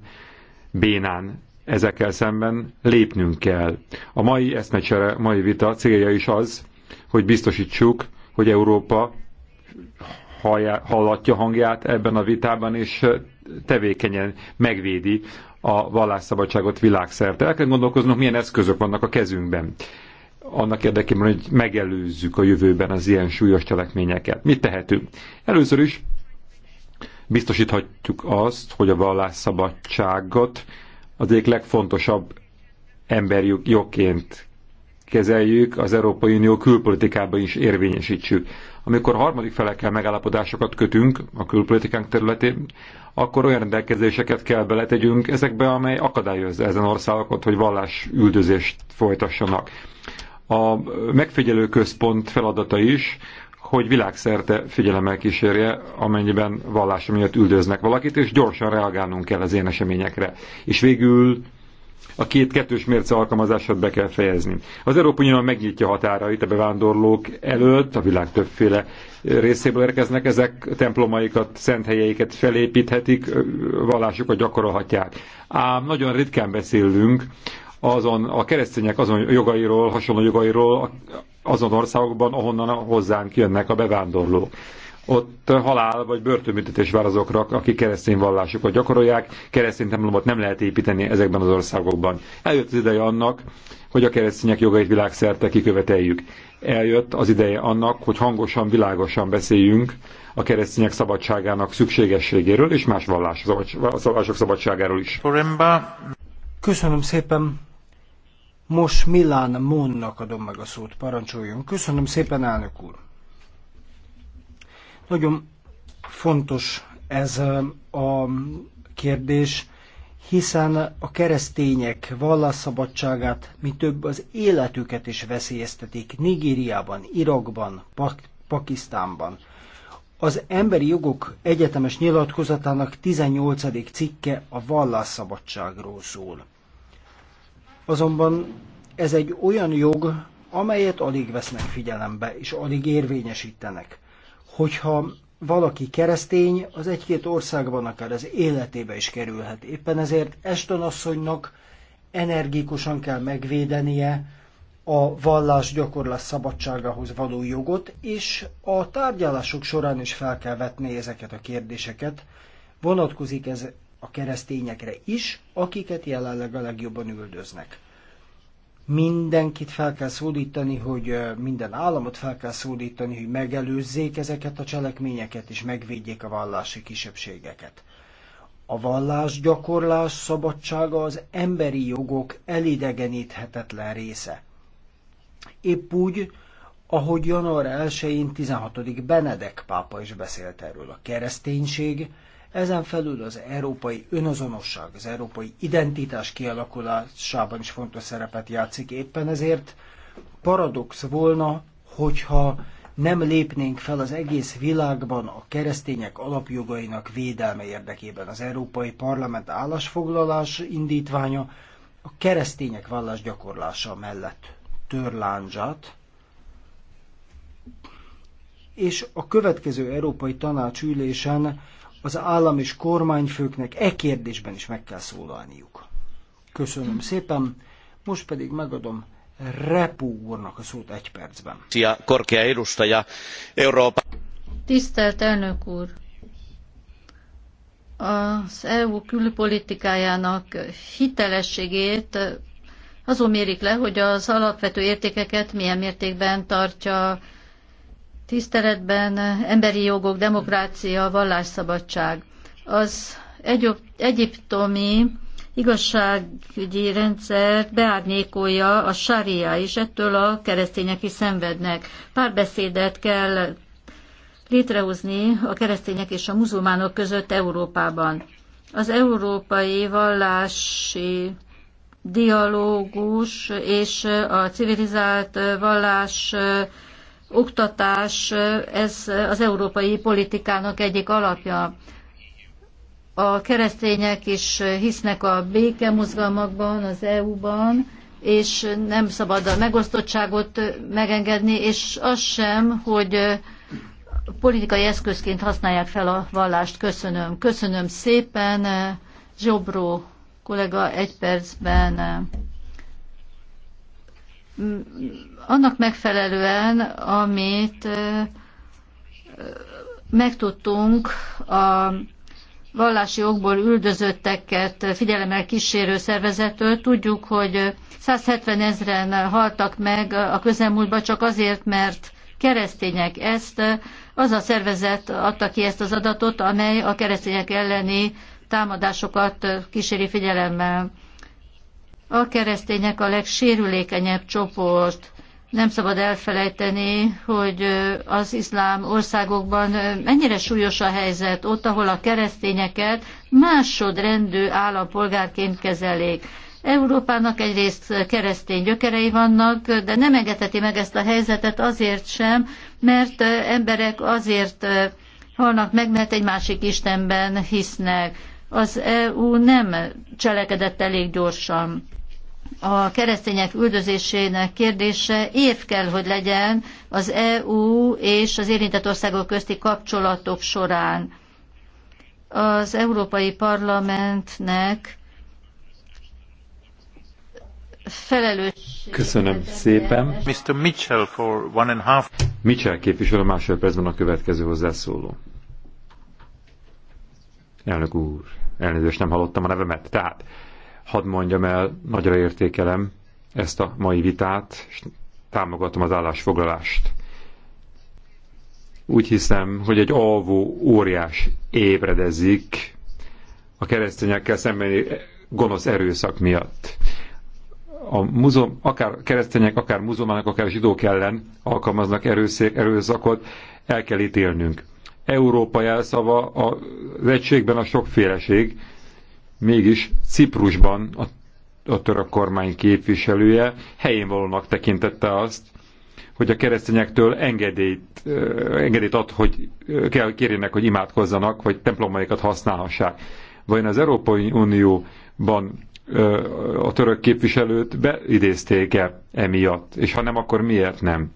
bénán ezekkel szemben lépnünk kell. A mai eszmecsere, mai vita célja is az, hogy biztosítsuk, hogy Európa hallatja hangját ebben a vitában, és tevékenyen megvédi a vallásszabadságot világszerte. El kell gondolkoznunk, milyen eszközök vannak a kezünkben annak érdekében, hogy megelőzzük a jövőben az ilyen súlyos cselekményeket. Mit tehetünk? Először is biztosíthatjuk azt, hogy a vallásszabadságot az egyik legfontosabb emberjük jogként kezeljük, az Európai Unió külpolitikában is érvényesítsük amikor harmadik felekkel megállapodásokat kötünk a külpolitikánk területén, akkor olyan rendelkezéseket kell beletegyünk ezekbe, amely akadályozza ezen országokat, hogy vallás üldözést folytassanak. A megfigyelő központ feladata is, hogy világszerte figyelemmel kísérje, amennyiben vallása miatt üldöznek valakit, és gyorsan reagálnunk kell az ilyen eseményekre. És végül a két kettős mérce alkalmazását be kell fejezni. Az Európai Unió megnyitja határait a bevándorlók előtt, a világ többféle részéből érkeznek, ezek templomaikat, szent helyeiket felépíthetik, vallásukat gyakorolhatják. Ám nagyon ritkán beszélünk azon a keresztények azon jogairól, hasonló jogairól azon országokban, ahonnan hozzánk jönnek a bevándorlók ott halál vagy börtönbüntetés vár azokra, akik keresztény vallásukat gyakorolják, keresztény templomot nem lehet építeni ezekben az országokban. Eljött az ideje annak, hogy a keresztények jogait világszerte kiköveteljük. Eljött az ideje annak, hogy hangosan, világosan beszéljünk a keresztények szabadságának szükségességéről és más vallások szabadságáról is. Köszönöm szépen! Most Milán Monnak adom meg a szót, parancsoljon. Köszönöm szépen, elnök úr! Nagyon fontos ez a kérdés, hiszen a keresztények vallásszabadságát, mi több az életüket is veszélyeztetik Nigériában, Irakban, Pak- Pakisztánban. Az Emberi Jogok Egyetemes Nyilatkozatának 18. cikke a vallásszabadságról szól. Azonban ez egy olyan jog, amelyet alig vesznek figyelembe, és alig érvényesítenek hogyha valaki keresztény, az egy-két országban akár az életébe is kerülhet. Éppen ezért Eston asszonynak energikusan kell megvédenie a vallás gyakorlás szabadságához való jogot, és a tárgyalások során is fel kell vetni ezeket a kérdéseket. Vonatkozik ez a keresztényekre is, akiket jelenleg a legjobban üldöznek. Mindenkit fel kell szólítani, hogy minden államot fel kell szólítani, hogy megelőzzék ezeket a cselekményeket, és megvédjék a vallási kisebbségeket. A vallás gyakorlás szabadsága az emberi jogok elidegeníthetetlen része. Épp úgy, ahogy január 1-én 16. Benedek pápa is beszélt erről. A kereszténység ezen felül az európai önazonosság, az európai identitás kialakulásában is fontos szerepet játszik. Éppen ezért paradox volna, hogyha nem lépnénk fel az egész világban a keresztények alapjogainak védelme érdekében. Az Európai Parlament állásfoglalás indítványa a keresztények gyakorlása mellett tör és a következő Európai Tanács ülésen az állam és kormányfőknek e kérdésben is meg kell szólalniuk. Köszönöm hm. szépen, most pedig megadom Repu úrnak a szót egy percben. Szia, Korkia Irustaja, Európa. Tisztelt elnök úr! Az EU külpolitikájának hitelességét azon mérik le, hogy az alapvető értékeket milyen mértékben tartja tiszteletben emberi jogok, demokrácia, vallásszabadság. Az egyiptomi igazságügyi rendszer beárnyékolja a sária, és ettől a keresztények is szenvednek. Párbeszédet kell létrehozni a keresztények és a muzulmánok között Európában. Az európai vallási dialógus és a civilizált vallás oktatás, ez az európai politikának egyik alapja. A keresztények is hisznek a békemozgalmakban, az EU-ban, és nem szabad a megosztottságot megengedni, és az sem, hogy politikai eszközként használják fel a vallást. Köszönöm. Köszönöm szépen. Zsobró kollega egy percben annak megfelelően, amit megtudtunk a vallási okból üldözötteket figyelemmel kísérő szervezettől. Tudjuk, hogy 170 ezeren haltak meg a közelmúltban csak azért, mert keresztények. Ezt az a szervezet adta ki ezt az adatot, amely a keresztények elleni támadásokat kíséri figyelemmel. A keresztények a legsérülékenyebb csoport. Nem szabad elfelejteni, hogy az iszlám országokban mennyire súlyos a helyzet, ott, ahol a keresztényeket másodrendű állampolgárként kezelik. Európának egyrészt keresztény gyökerei vannak, de nem engedheti meg ezt a helyzetet azért sem, mert emberek azért halnak meg, mert egy másik Istenben hisznek. Az EU nem cselekedett elég gyorsan a keresztények üldözésének kérdése év kell, hogy legyen az EU és az érintett országok közti kapcsolatok során. Az Európai Parlamentnek felelős. Köszönöm szépen. Mr. Mitchell for one and half. Mitchell képviselő másodpercben a következő hozzászóló. Elnök úr, elnézést nem hallottam a nevemet. Tehát hadd mondjam el, nagyra értékelem ezt a mai vitát, és támogatom az állásfoglalást. Úgy hiszem, hogy egy alvó óriás ébredezik a keresztényekkel szembeni gonosz erőszak miatt. A muzum, akár keresztények, akár muzulmánok, akár zsidók ellen alkalmaznak erőszék, erőszakot, el kell ítélnünk. Európa jelszava az egységben a sokféleség, Mégis Ciprusban a, a török kormány képviselője helyén valónak tekintette azt, hogy a keresztényektől engedélyt, engedélyt ad, hogy kell kérjenek, hogy imádkozzanak, vagy templomaikat használhassák. Vajon az Európai Unióban a török képviselőt beidézték-e emiatt? És ha nem, akkor miért nem?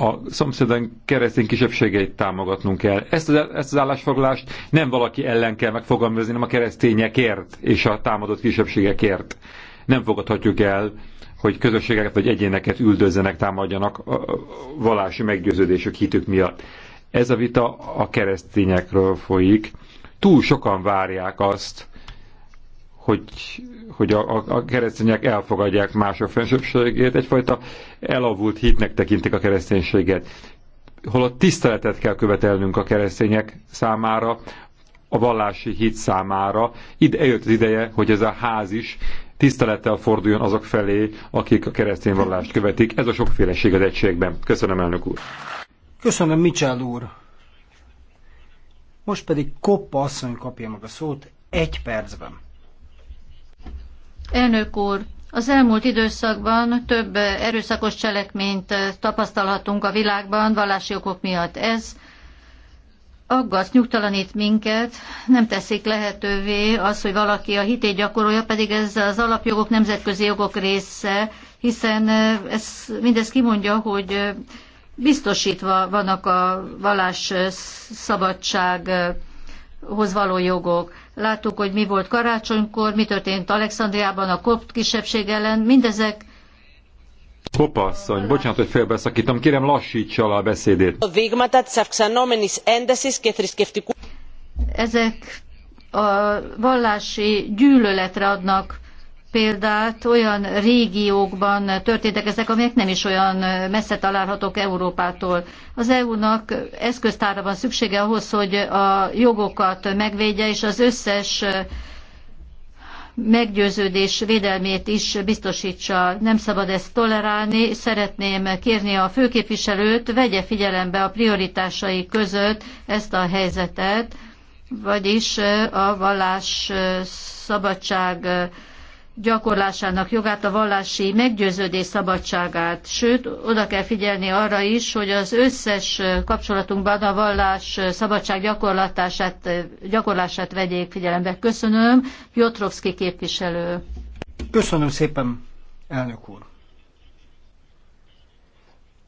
a szomszédon keresztény kisebbségeit támogatnunk kell. Ezt az, ezt az állásfoglalást nem valaki ellen kell megfogalmazni, hanem a keresztényekért és a támadott kisebbségekért. Nem fogadhatjuk el, hogy közösségeket vagy egyéneket üldözzenek, támadjanak a valási meggyőződésük hitük miatt. Ez a vita a keresztényekről folyik. Túl sokan várják azt, hogy, hogy a, a, a keresztények elfogadják mások fensőbbségét, egyfajta elavult hitnek tekintik a kereszténységet. Holott tiszteletet kell követelnünk a keresztények számára, a vallási hit számára. Itt eljött az ideje, hogy ez a ház is tisztelettel forduljon azok felé, akik a keresztény vallást követik. Ez a sokféleség az egységben. Köszönöm, elnök úr. Köszönöm, Michel úr. Most pedig Koppa asszony kapja meg a szót egy percben. Elnök úr, az elmúlt időszakban több erőszakos cselekményt tapasztalhatunk a világban vallási okok miatt. Ez aggaszt, nyugtalanít minket, nem teszik lehetővé az, hogy valaki a hitét gyakorolja, pedig ez az alapjogok nemzetközi jogok része, hiszen ez, mindez kimondja, hogy biztosítva vannak a vallás szabadsághoz való jogok. Láttuk, hogy mi volt karácsonykor, mi történt Alexandriában a kopt kisebbség ellen. Mindezek Kopasszony, bocsánat, hogy félbeszakítom, kérem lassítsa le a beszédét. Ezek a vallási gyűlöletre adnak példát olyan régiókban történtek ezek, amelyek nem is olyan messze találhatók Európától. Az EU-nak eszköztára van szüksége ahhoz, hogy a jogokat megvédje, és az összes meggyőződés védelmét is biztosítsa. Nem szabad ezt tolerálni. Szeretném kérni a főképviselőt, vegye figyelembe a prioritásai között ezt a helyzetet, vagyis a vallás szabadság gyakorlásának jogát, a vallási meggyőződés szabadságát. Sőt, oda kell figyelni arra is, hogy az összes kapcsolatunkban a vallás szabadság gyakorlatását, gyakorlását vegyék figyelembe. Köszönöm. Jotrovszki képviselő. Köszönöm szépen, elnök úr.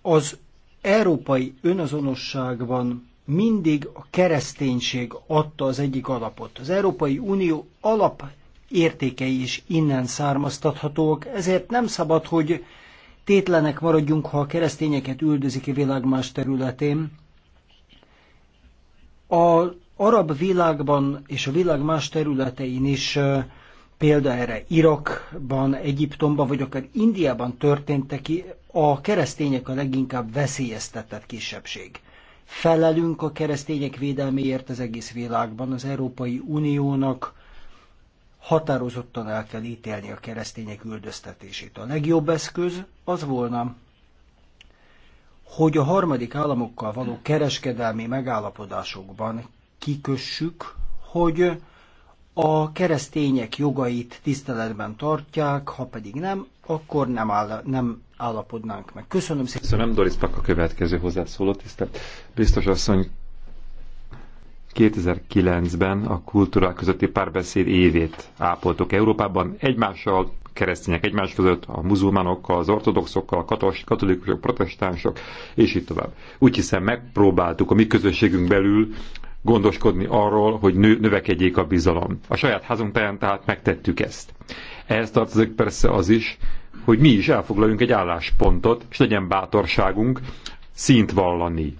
Az európai önazonosságban mindig a kereszténység adta az egyik alapot. Az Európai Unió alap értékei is innen származtathatók, ezért nem szabad, hogy tétlenek maradjunk, ha a keresztényeket üldözik a világ más területén. A arab világban és a világ más területein is példa erre Irakban, Egyiptomban, vagy akár Indiában történtek ki, a keresztények a leginkább veszélyeztetett kisebbség. Felelünk a keresztények védelméért az egész világban, az Európai Uniónak, határozottan el kell ítélni a keresztények üldöztetését. A legjobb eszköz az volna, hogy a harmadik államokkal való kereskedelmi megállapodásokban kikössük, hogy a keresztények jogait tiszteletben tartják, ha pedig nem, akkor nem, áll, nem állapodnánk meg. Köszönöm szépen. Köszönöm, Doris Pak a következő hozzászóló tisztelt. Biztos asszony, 2009-ben a kultúrák közötti párbeszéd évét ápoltuk Európában egymással, keresztények egymás között, a muzulmánokkal, az ortodoxokkal, a katolikusok, protestánsok, és így tovább. Úgy hiszem megpróbáltuk a mi közösségünk belül gondoskodni arról, hogy nő, növekedjék a bizalom. A saját házunk terén tehát megtettük ezt. Ehhez tartozik persze az is, hogy mi is elfoglaljunk egy álláspontot, és legyen bátorságunk szint vallani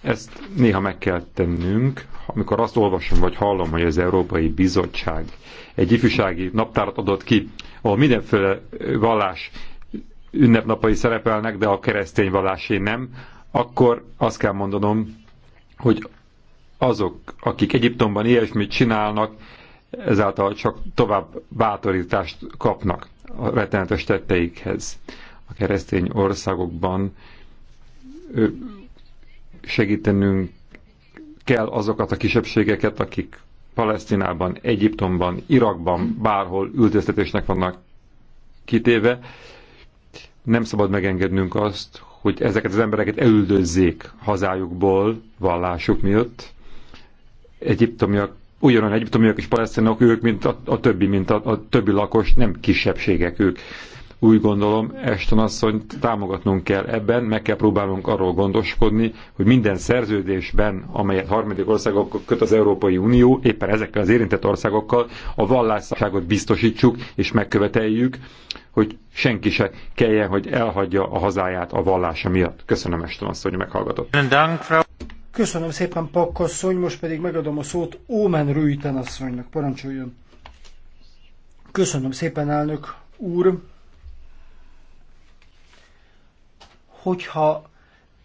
ezt néha meg kell tennünk, amikor azt olvasom vagy hallom, hogy az Európai Bizottság egy ifjúsági naptárat adott ki, ahol mindenféle vallás ünnepnapai szerepelnek, de a keresztény vallásé nem, akkor azt kell mondanom, hogy azok, akik Egyiptomban ilyesmit csinálnak, ezáltal csak tovább bátorítást kapnak a rettenetes tetteikhez. A keresztény országokban segítenünk kell azokat a kisebbségeket, akik Palesztinában, Egyiptomban, Irakban, bárhol ültöztetésnek vannak kitéve. Nem szabad megengednünk azt, hogy ezeket az embereket elüldözzék hazájukból, vallásuk miatt. Egyiptomiak, ugyanolyan egyiptomiak és palesztinok ők, mint a, a többi, mint a, a többi lakos, nem kisebbségek ők úgy gondolom, Eston asszony támogatnunk kell ebben, meg kell próbálnunk arról gondoskodni, hogy minden szerződésben, amelyet harmadik országokkal köt az Európai Unió, éppen ezekkel az érintett országokkal a vallásszabadságot biztosítsuk és megköveteljük, hogy senki se kelljen, hogy elhagyja a hazáját a vallása miatt. Köszönöm, Eston asszony, hogy meghallgatott. Köszönöm szépen, Pakkasszony, most pedig megadom a szót Ómen Rüjten asszonynak. Parancsoljon! Köszönöm szépen, elnök úr! Hogyha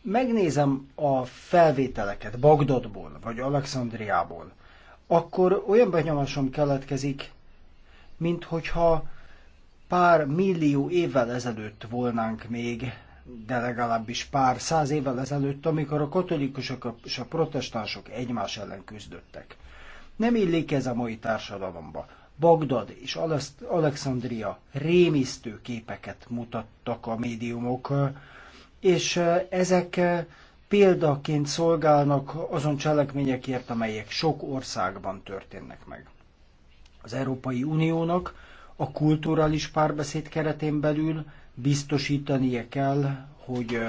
megnézem a felvételeket Bagdadból vagy Alexandriából, akkor olyan benyomásom keletkezik, mint hogyha pár millió évvel ezelőtt volnánk még, de legalábbis pár száz évvel ezelőtt, amikor a katolikusok és a protestánsok egymás ellen küzdöttek. Nem illik ez a mai társadalomba. Bagdad és Alexandria rémisztő képeket mutattak a médiumok és ezek példaként szolgálnak azon cselekményekért, amelyek sok országban történnek meg. Az Európai Uniónak a kulturális párbeszéd keretén belül biztosítania kell, hogy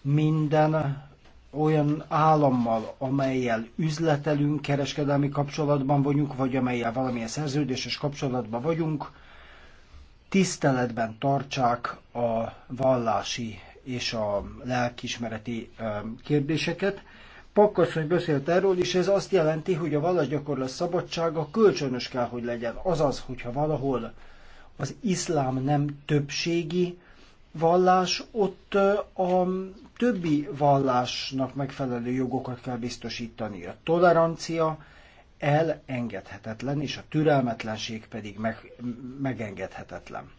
minden olyan állammal, amelyel üzletelünk, kereskedelmi kapcsolatban vagyunk, vagy amelyel valamilyen szerződéses kapcsolatban vagyunk, tiszteletben tartsák a vallási és a lelkismereti kérdéseket. Pakkasszony beszélt erről, és ez azt jelenti, hogy a vallásgyakorlás szabadsága kölcsönös kell, hogy legyen. Azaz, hogyha valahol az iszlám nem többségi vallás, ott a többi vallásnak megfelelő jogokat kell biztosítani. A tolerancia elengedhetetlen, és a türelmetlenség pedig meg, megengedhetetlen.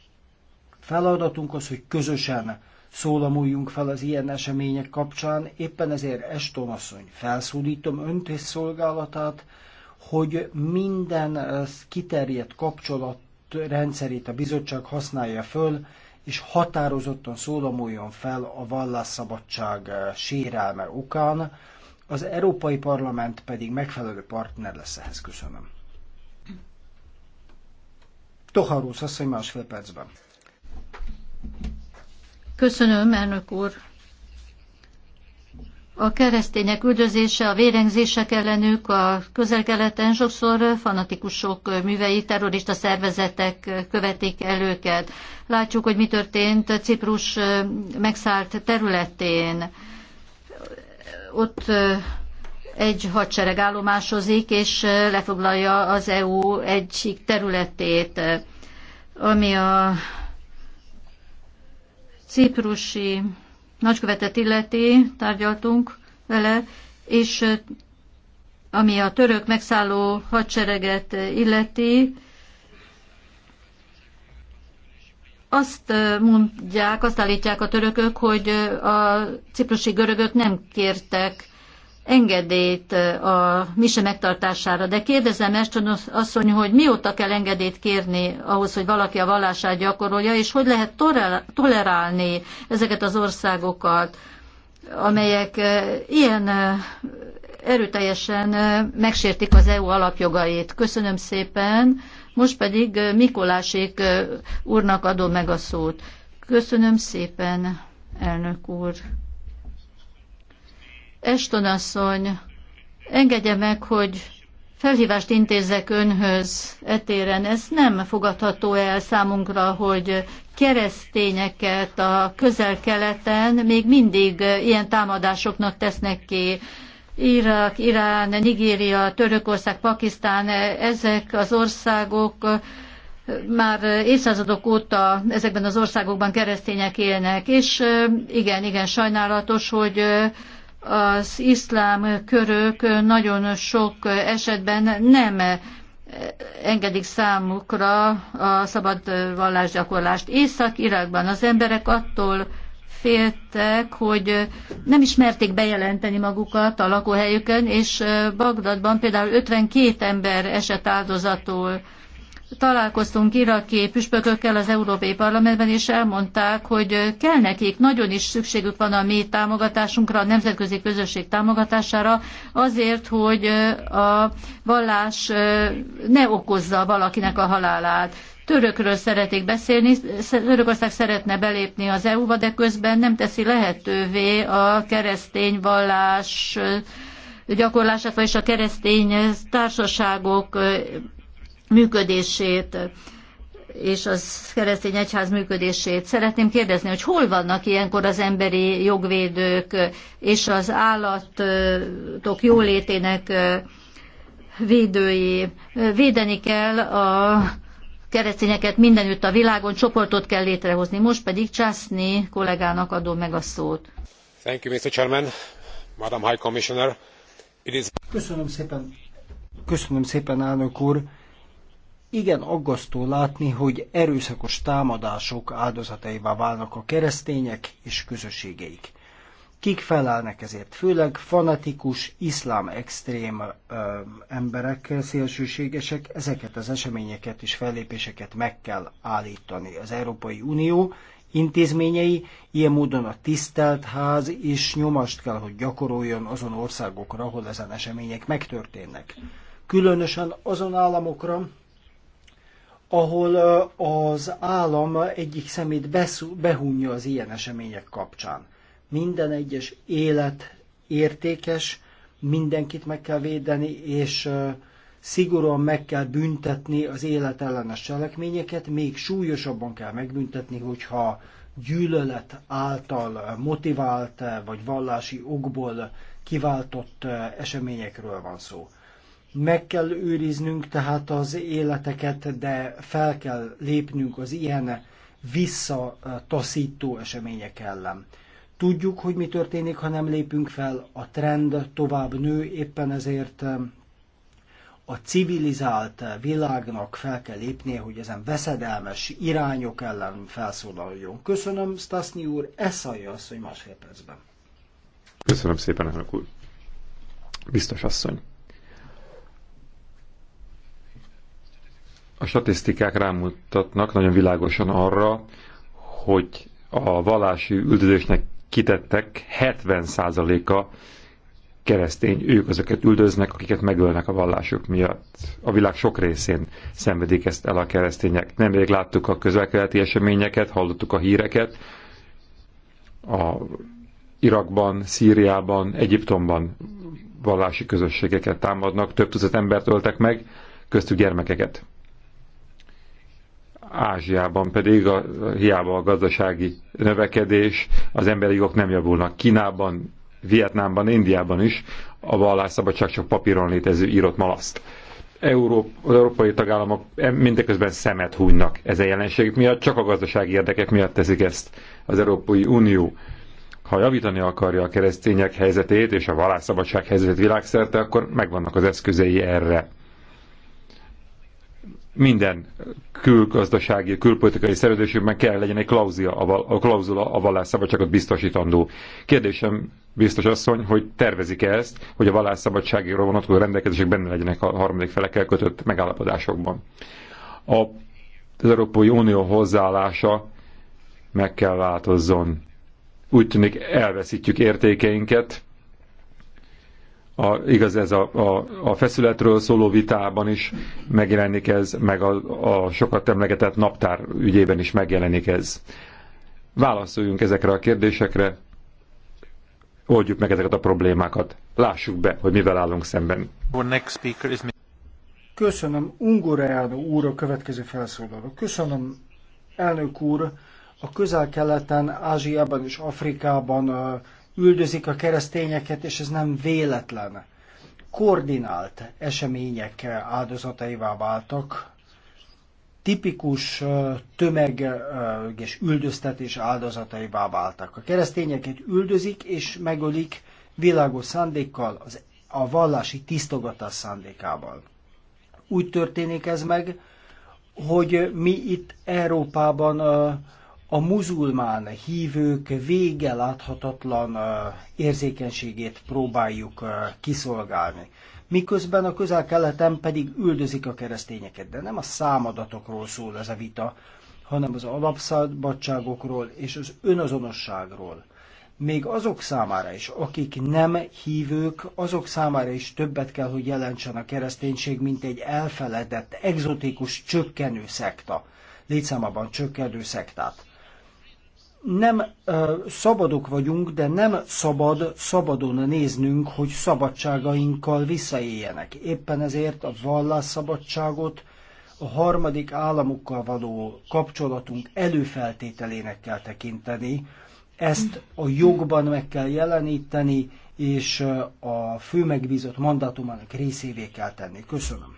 Feladatunk az, hogy közösen szólamuljunk fel az ilyen események kapcsán. Éppen ezért Eston asszony, felszólítom önt és szolgálatát, hogy minden eh, kiterjedt kapcsolat rendszerét a bizottság használja föl, és határozottan szólamoljon fel a vallásszabadság eh, sérelme okán, az Európai Parlament pedig megfelelő partner lesz ehhez. Köszönöm. Toharusz asszony másfél percben. Köszönöm, elnök úr. A keresztények üldözése, a vérengzések ellenük a közelkeleten sokszor fanatikusok művei, terrorista szervezetek követik el őket. Látjuk, hogy mi történt Ciprus megszállt területén. Ott egy hadsereg állomásozik, és lefoglalja az EU egyik területét, ami a ciprusi nagykövetet illeti, tárgyaltunk vele, és ami a török megszálló hadsereget illeti, azt mondják, azt állítják a törökök, hogy a ciprusi görögök nem kértek engedélyt a mise megtartására. De kérdezem Eston asszony, hogy mióta kell engedélyt kérni ahhoz, hogy valaki a vallását gyakorolja, és hogy lehet tolerálni ezeket az országokat, amelyek ilyen erőteljesen megsértik az EU alapjogait. Köszönöm szépen. Most pedig Mikolásék úrnak adom meg a szót. Köszönöm szépen, elnök úr. Eston asszony, engedje meg, hogy felhívást intézek önhöz etéren. Ez nem fogadható el számunkra, hogy keresztényeket a közel-keleten még mindig ilyen támadásoknak tesznek ki. Irak, Irán, Nigéria, Törökország, Pakisztán, ezek az országok már évszázadok óta ezekben az országokban keresztények élnek, és igen, igen, sajnálatos, hogy az iszlám körök nagyon sok esetben nem engedik számukra a szabad vallásgyakorlást. Észak-Irakban az emberek attól féltek, hogy nem ismerték bejelenteni magukat a lakóhelyükön, és Bagdadban például 52 ember esett áldozatul találkoztunk iraki püspökökkel az Európai Parlamentben, és elmondták, hogy kell nekik, nagyon is szükségük van a mi támogatásunkra, a nemzetközi közösség támogatására, azért, hogy a vallás ne okozza valakinek a halálát. Törökről szeretik beszélni, Törökország szeretne belépni az EU-ba, de közben nem teszi lehetővé a keresztény vallás gyakorlását, vagyis a keresztény társaságok működését és az keresztény egyház működését. Szeretném kérdezni, hogy hol vannak ilyenkor az emberi jogvédők és az állatok jólétének védői. Védeni kell a keresztényeket mindenütt a világon, csoportot kell létrehozni. Most pedig Császni kollégának adom meg a szót. Thank you, Mr. Chairman, Madam High Commissioner. It is... Köszönöm szépen. Köszönöm szépen, elnök úr igen aggasztó látni, hogy erőszakos támadások áldozataival válnak a keresztények és közösségeik. Kik felállnak ezért? Főleg fanatikus, iszlám extrém ö, emberek, szélsőségesek, ezeket az eseményeket és fellépéseket meg kell állítani. Az Európai Unió intézményei ilyen módon a tisztelt ház is nyomást kell, hogy gyakoroljon azon országokra, ahol ezen események megtörténnek. Különösen azon államokra, ahol az állam egyik szemét behúnyja behunja az ilyen események kapcsán. Minden egyes élet értékes, mindenkit meg kell védeni, és szigorúan meg kell büntetni az életellenes cselekményeket, még súlyosabban kell megbüntetni, hogyha gyűlölet által motivált vagy vallási okból kiváltott eseményekről van szó. Meg kell őriznünk tehát az életeket, de fel kell lépnünk az ilyen visszataszító események ellen. Tudjuk, hogy mi történik, ha nem lépünk fel, a trend tovább nő, éppen ezért um, a civilizált világnak fel kell lépnie, hogy ezen veszedelmes irányok ellen felszólaljon. Köszönöm, Stasznyi úr, eszalja hogy másfél percben. Köszönöm szépen, elnök úr. Biztos asszony. A statisztikák rámutatnak nagyon világosan arra, hogy a vallási üldözésnek kitettek 70%-a keresztény, ők azokat üldöznek, akiket megölnek a vallásuk miatt. A világ sok részén szenvedik ezt el a keresztények. Nemrég láttuk a közelkeleti eseményeket, hallottuk a híreket, a Irakban, Szíriában, Egyiptomban vallási közösségeket támadnak, több tucat embert öltek meg, köztük gyermekeket. Ázsiában pedig a, hiába a gazdasági növekedés, az emberi jogok nem javulnak. Kínában, Vietnámban, Indiában is a vallásszabadság csak papíron létező írott malaszt. Európa, az európai tagállamok mindeközben szemet hunynak ezen jelenség miatt, csak a gazdasági érdekek miatt teszik ezt az Európai Unió. Ha javítani akarja a keresztények helyzetét és a vallásszabadság helyzetét világszerte, akkor megvannak az eszközei erre minden külgazdasági, külpolitikai szerződésünkben kell legyen egy klauzia, a klauzula a vallásszabadságot biztosítandó. Kérdésem biztos asszony, hogy tervezik-e ezt, hogy a vallásszabadságról vonatkozó rendelkezések benne legyenek a harmadik felekkel kötött megállapodásokban. A, az Európai Unió hozzáállása meg kell változzon. Úgy tűnik elveszítjük értékeinket, a, igaz ez a, a, a feszületről szóló vitában is megjelenik ez, meg a, a sokat emlegetett naptár ügyében is megjelenik ez. Válaszoljunk ezekre a kérdésekre, oldjuk meg ezeket a problémákat. Lássuk be, hogy mivel állunk szemben. Köszönöm, Ungoreanu úr a következő felszólaló. Köszönöm, elnök úr, a közel-keleten, Ázsiában és Afrikában uh, üldözik a keresztényeket, és ez nem véletlen. Koordinált események áldozataival váltak, tipikus tömeges üldöztetés áldozataival váltak. A keresztényeket üldözik és megölik világos szándékkal, az, a vallási tisztogatás szándékával. Úgy történik ez meg, hogy mi itt Európában a muzulmán hívők vége láthatatlan érzékenységét próbáljuk kiszolgálni. Miközben a közel-keleten pedig üldözik a keresztényeket, de nem a számadatokról szól ez a vita, hanem az alapszabadságokról és az önazonosságról. Még azok számára is, akik nem hívők, azok számára is többet kell, hogy jelentsen a kereszténység, mint egy elfeledett, egzotikus, csökkenő szekta, létszámában csökkenő szektát nem ö, szabadok vagyunk, de nem szabad szabadon néznünk, hogy szabadságainkkal visszaéljenek. Éppen ezért a vallásszabadságot a harmadik államokkal való kapcsolatunk előfeltételének kell tekinteni, ezt a jogban meg kell jeleníteni, és a fő megbízott mandátumának részévé kell tenni. Köszönöm.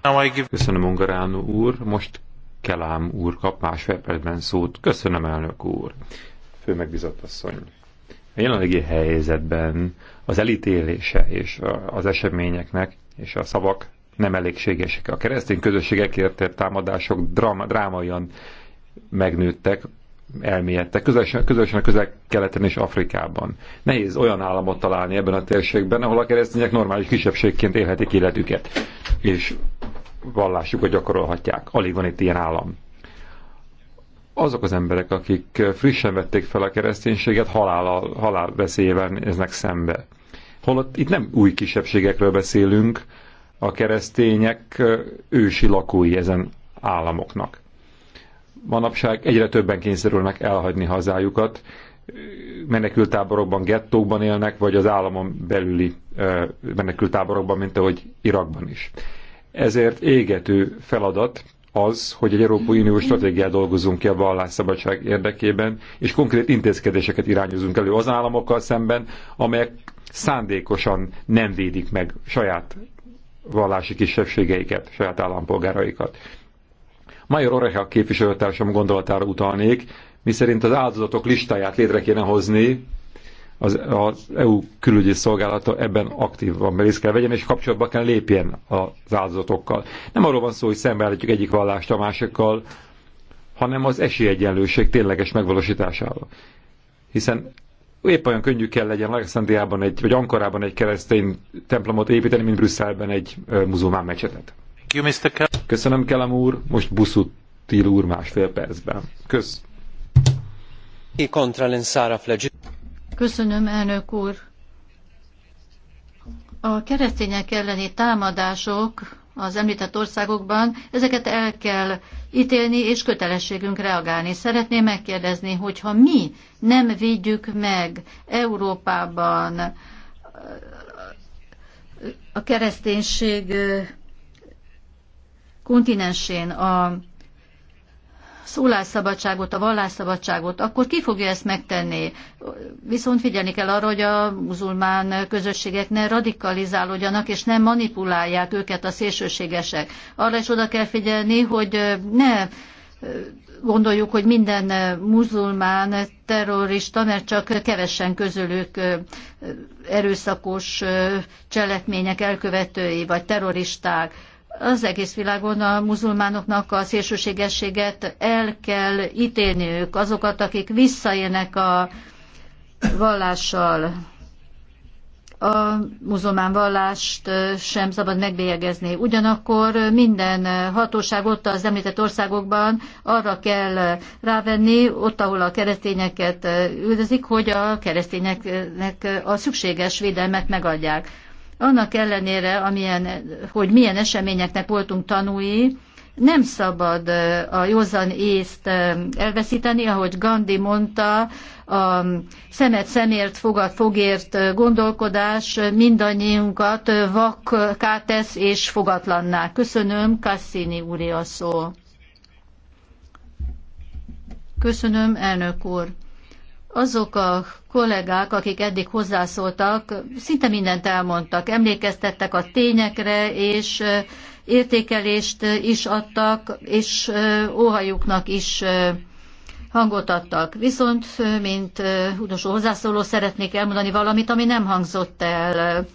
Köszönöm, Ungaránu úr. Most Kelám úr kap másfél percben szót. Köszönöm, elnök úr főmegbizott asszony. A jelenlegi helyzetben az elítélése és az eseményeknek és a szavak nem elégségesek. A keresztény közösségek érte támadások drama, drámaian megnőttek, elmélyedtek, közösen, közösen a közel-keleten és Afrikában. Nehéz olyan államot találni ebben a térségben, ahol a keresztények normális kisebbségként élhetik életüket, és vallásukat gyakorolhatják. Alig van itt ilyen állam azok az emberek, akik frissen vették fel a kereszténységet, halál, halál veszélyével néznek szembe. Holott itt nem új kisebbségekről beszélünk, a keresztények ősi lakói ezen államoknak. Manapság egyre többen kényszerülnek elhagyni hazájukat, menekültáborokban, gettókban élnek, vagy az államon belüli menekültáborokban, mint ahogy Irakban is. Ezért égető feladat az, hogy egy Európai Unió stratégiát dolgozunk ki a vallásszabadság érdekében, és konkrét intézkedéseket irányozunk elő az államokkal szemben, amelyek szándékosan nem védik meg saját vallási kisebbségeiket, saját állampolgáraikat. Major Oreha képviselőtársam gondolatára utalnék, miszerint az áldozatok listáját létre kéne hozni, az, az EU külügyi szolgálata ebben aktívan részt kell vegyen, és kapcsolatba kell lépjen az áldozatokkal. Nem arról van szó, hogy szembeállítjuk egyik vallást a másikkal, hanem az esélyegyenlőség tényleges megvalósításával. Hiszen épp olyan könnyű kell legyen Alexandriában egy, vagy Ankarában egy keresztény templomot építeni, mint Brüsszelben egy muzulmán mecsetet. Köszönöm, Kelem úr. Most Buszutil úr másfél percben. Kösz. Köszönöm, elnök úr. A keresztények elleni támadások az említett országokban, ezeket el kell ítélni, és kötelességünk reagálni. Szeretném megkérdezni, hogyha mi nem védjük meg Európában a kereszténység kontinensén a szólásszabadságot, a vallásszabadságot, akkor ki fogja ezt megtenni? Viszont figyelni kell arra, hogy a muzulmán közösségek ne radikalizálódjanak, és ne manipulálják őket a szélsőségesek. Arra is oda kell figyelni, hogy ne eh, gondoljuk, hogy minden eh, muzulmán terrorista, mert csak kevesen közülük eh, erőszakos cselekmények elkövetői vagy terroristák az egész világon a muzulmánoknak a szélsőségességet el kell ítélniük, azokat, akik visszaélnek a vallással. A muzulmán vallást sem szabad megbélyegezni. Ugyanakkor minden hatóság ott az említett országokban arra kell rávenni, ott, ahol a keresztényeket üldözik, hogy a keresztényeknek a szükséges védelmet megadják annak ellenére, amilyen, hogy milyen eseményeknek voltunk tanúi, nem szabad a józan észt elveszíteni, ahogy Gandhi mondta, a szemet szemért, fogad fogért gondolkodás mindannyiunkat vakká tesz és fogatlanná. Köszönöm, Cassini úri a szó. Köszönöm, elnök úr azok a kollégák, akik eddig hozzászóltak, szinte mindent elmondtak, emlékeztettek a tényekre, és értékelést is adtak, és óhajuknak is hangot adtak. Viszont, mint utolsó hozzászóló, szeretnék elmondani valamit, ami nem hangzott el.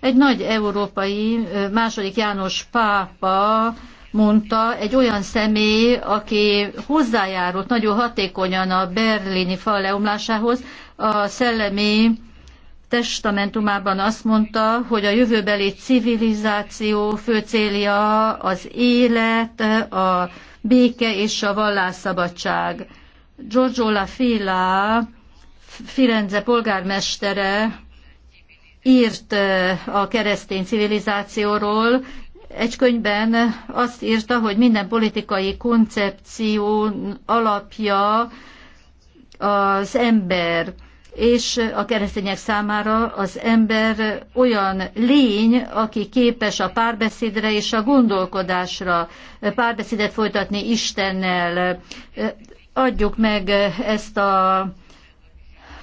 Egy nagy európai második János pápa mondta, egy olyan személy, aki hozzájárult nagyon hatékonyan a berlini fal leomlásához, a szellemi testamentumában azt mondta, hogy a jövőbeli civilizáció fő célja az élet, a béke és a vallásszabadság. Giorgio La Fila, Firenze polgármestere írt eh, a keresztény civilizációról, egy könyvben azt írta, hogy minden politikai koncepció alapja az ember, és a keresztények számára az ember olyan lény, aki képes a párbeszédre és a gondolkodásra, párbeszédet folytatni Istennel. Adjuk meg ezt a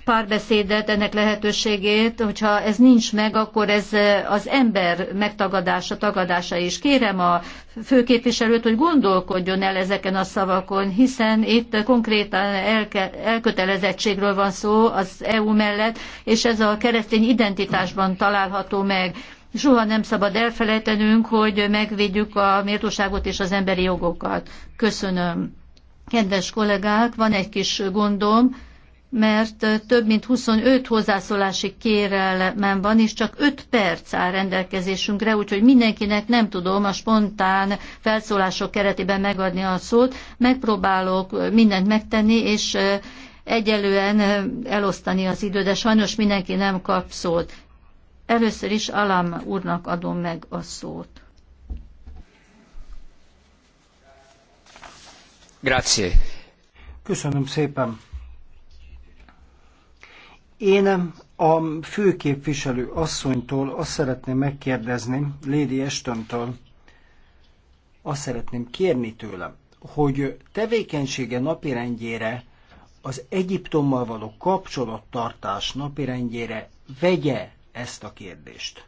párbeszédet, ennek lehetőségét, hogyha ez nincs meg, akkor ez eh, az ember megtagadása, tagadása is. Kérem a főképviselőt, hogy gondolkodjon el ezeken a szavakon, hiszen itt konkrétan elke, elkötelezettségről van szó az EU mellett, és ez a keresztény identitásban található meg. Soha nem szabad elfelejtenünk, hogy megvédjük a méltóságot és az emberi jogokat. Köszönöm. Kedves kollégák, van egy kis gondom, mert több mint 25 hozzászólási kérelmem van, és csak 5 perc áll rendelkezésünkre, úgyhogy mindenkinek nem tudom a spontán felszólások keretében megadni a szót. Megpróbálok mindent megtenni, és egyelően elosztani az időt, de sajnos mindenki nem kap szót. Először is Alam úrnak adom meg a szót. Grazie. Köszönöm szépen. Én a főképviselő asszonytól azt szeretném megkérdezni, Lady Estontól, azt szeretném kérni tőle, hogy tevékenysége napirendjére az Egyiptommal való kapcsolattartás napirendjére vegye ezt a kérdést.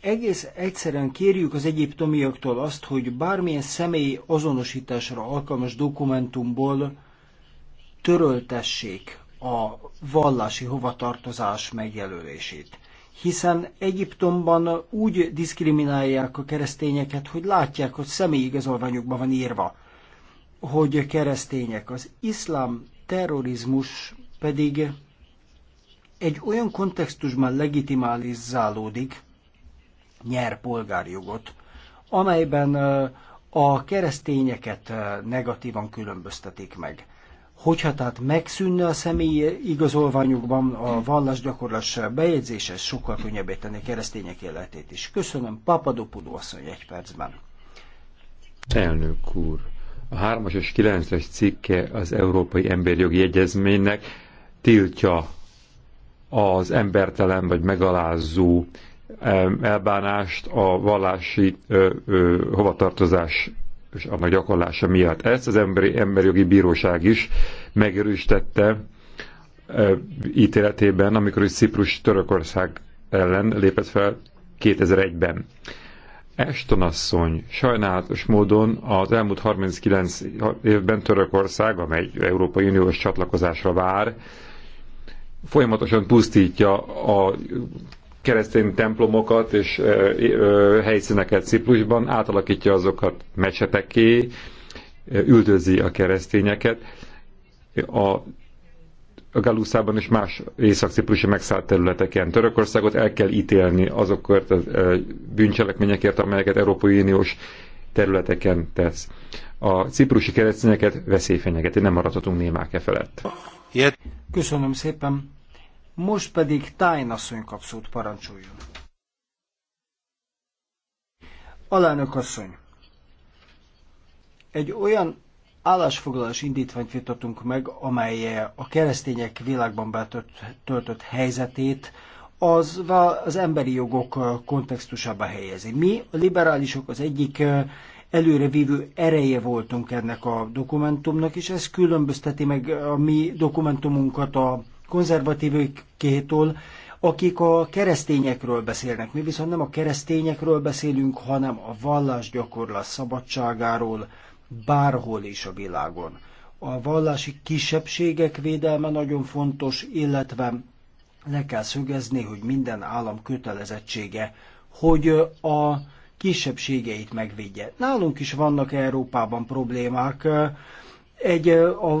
Egész egyszerűen kérjük az egyiptomiaktól azt, hogy bármilyen személy azonosításra alkalmas dokumentumból töröltessék a vallási hovatartozás megjelölését. Hiszen Egyiptomban úgy diszkriminálják a keresztényeket, hogy látják, hogy igazolványokban van írva, hogy keresztények. Az iszlám terrorizmus pedig egy olyan kontextusban legitimálizálódik, nyer polgárjogot, amelyben a keresztényeket negatívan különböztetik meg. Hogyha tehát megszűnne a személyi igazolványukban a vallásgyakorlás bejegyzése, ez sokkal könnyebbé tenni keresztények életét is. Köszönöm, Papadopoulou asszony egy percben. Elnök úr, a 3-as és 9-es cikke az Európai Emberjogi Egyezménynek tiltja az embertelen vagy megalázó elbánást a vallási ö, ö, hovatartozás és annak gyakorlása miatt. Ezt az emberi, emberi jogi bíróság is megerősítette e, ítéletében, amikor is Ciprus Törökország ellen lépett fel 2001-ben. Eston asszony sajnálatos módon az elmúlt 39 évben Törökország, amely Európai Uniós csatlakozásra vár, folyamatosan pusztítja a keresztény templomokat és helyszíneket Ciprusban, átalakítja azokat mecseteké, üldözi a keresztényeket. A a Galuszában és más észak-ciprusi megszállt területeken. Törökországot el kell ítélni azokért a bűncselekményekért, amelyeket Európai Uniós területeken tesz. A ciprusi keresztényeket veszélyfenyegeti, nem maradhatunk némák e felett. Köszönöm szépen. Most pedig Tájn asszony kapszót parancsoljon. Alelnök asszony, egy olyan állásfoglalás indítványt vitatunk meg, amely a keresztények világban betöltött helyzetét az, az emberi jogok kontextusába helyezi. Mi, a liberálisok az egyik előrevívő ereje voltunk ennek a dokumentumnak, és ez különbözteti meg a mi dokumentumunkat a konzervatívokétól, akik a keresztényekről beszélnek. Mi viszont nem a keresztényekről beszélünk, hanem a vallás gyakorlás szabadságáról bárhol is a világon. A vallási kisebbségek védelme nagyon fontos, illetve le kell szögezni, hogy minden állam kötelezettsége, hogy a kisebbségeit megvédje. Nálunk is vannak Európában problémák, egy a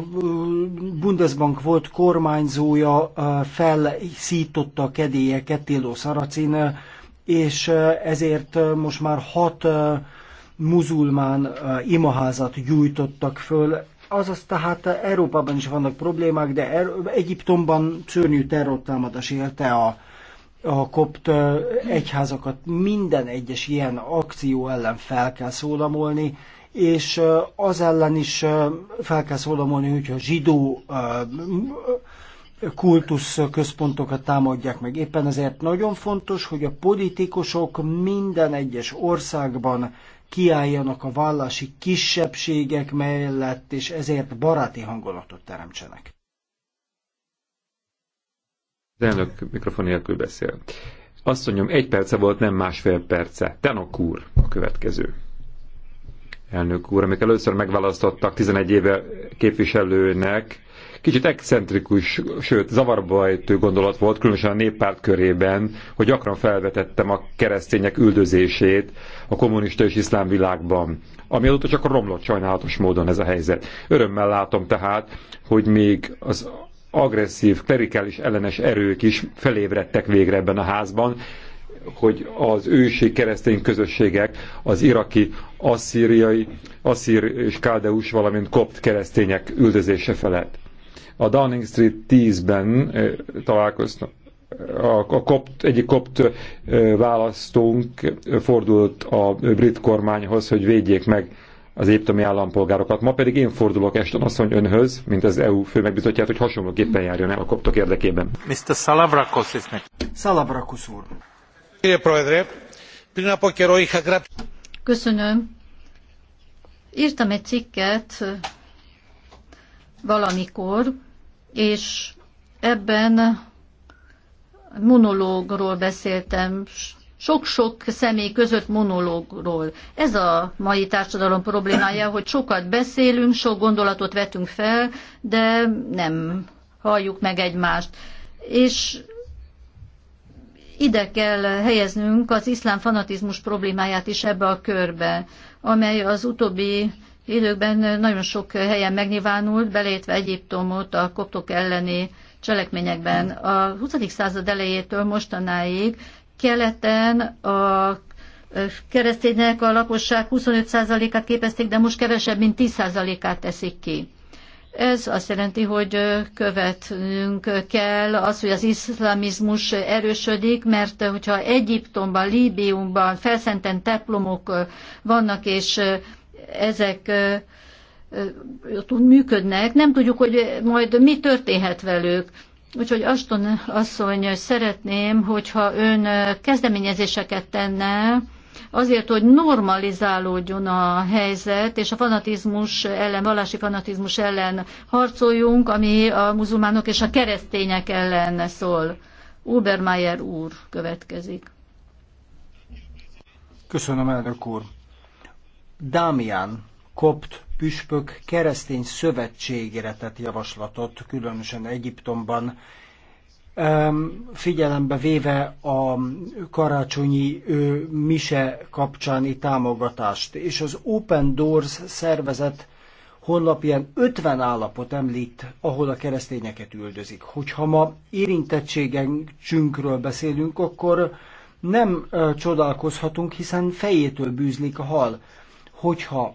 Bundesbank volt kormányzója felszította a kedélyeket Tildó Szaracin, és ezért most már hat muzulmán imaházat gyújtottak föl. Azaz tehát Európában is vannak problémák, de er, Egyiptomban szörnyű terrortámadás érte a, a kopt egyházakat. Minden egyes ilyen akció ellen fel kell szólamolni és az ellen is fel kell szólamolni, hogyha a zsidó kultusz központokat támadják meg. Éppen ezért nagyon fontos, hogy a politikusok minden egyes országban kiálljanak a vallási kisebbségek mellett, és ezért baráti hangulatot teremtsenek. Az elnök mikrofon nélkül beszél. Azt mondjam, egy perce volt, nem másfél perce. Tenok úr a következő elnök úr, amikor először megválasztottak 11 éve képviselőnek, kicsit excentrikus, sőt zavarbajtő gondolat volt, különösen a néppárt körében, hogy gyakran felvetettem a keresztények üldözését a kommunista és iszlám világban. Ami azóta csak romlott sajnálatos módon ez a helyzet. Örömmel látom tehát, hogy még az agresszív, klerikális ellenes erők is felébredtek végre ebben a házban, hogy az ősi keresztény közösségek, az iraki, asszíriai, asszír és kádeus, valamint kopt keresztények üldözése felett. A Downing Street 10-ben találkoztam. A kopt, egyik kopt választónk fordult a brit kormányhoz, hogy védjék meg az éptomi állampolgárokat. Ma pedig én fordulok Eston asszony önhöz, mint az EU megbizotját, hogy hasonlóképpen járjon el a koptok érdekében. Mr. Salavrakos is meg. Salavrakos úr. Köszönöm. Írtam egy cikket valamikor, és ebben monológról beszéltem, sok-sok személy között monológról. Ez a mai társadalom problémája, hogy sokat beszélünk, sok gondolatot vetünk fel, de nem halljuk meg egymást. És ide kell helyeznünk az iszlám fanatizmus problémáját is ebbe a körbe, amely az utóbbi időkben nagyon sok helyen megnyilvánult, belétve Egyiptomot a koptok elleni cselekményekben. A 20. század elejétől mostanáig keleten a e, keresztények a lakosság 25%-át képezték, de most kevesebb, mint 10%-át teszik ki. Ez azt jelenti, hogy követnünk kell az, hogy az iszlamizmus erősödik, mert hogyha Egyiptomban, Líbiumban felszenten teplomok vannak, és ezek működnek, nem tudjuk, hogy majd mi történhet velük. Úgyhogy Aston asszony, szeretném, hogyha ön kezdeményezéseket tenne, azért, hogy normalizálódjon a helyzet, és a fanatizmus ellen, vallási fanatizmus ellen harcoljunk, ami a muzulmánok és a keresztények ellen szól. Ubermeier úr következik. Köszönöm, elnök úr. Dámián, kopt püspök keresztény szövetségére tett javaslatot, különösen Egyiptomban, figyelembe véve a karácsonyi mise kapcsáni támogatást. És az Open Doors szervezet honlapján 50 állapot említ, ahol a keresztényeket üldözik. Hogyha ma érintettségünkről beszélünk, akkor nem csodálkozhatunk, hiszen fejétől bűzlik a hal. Hogyha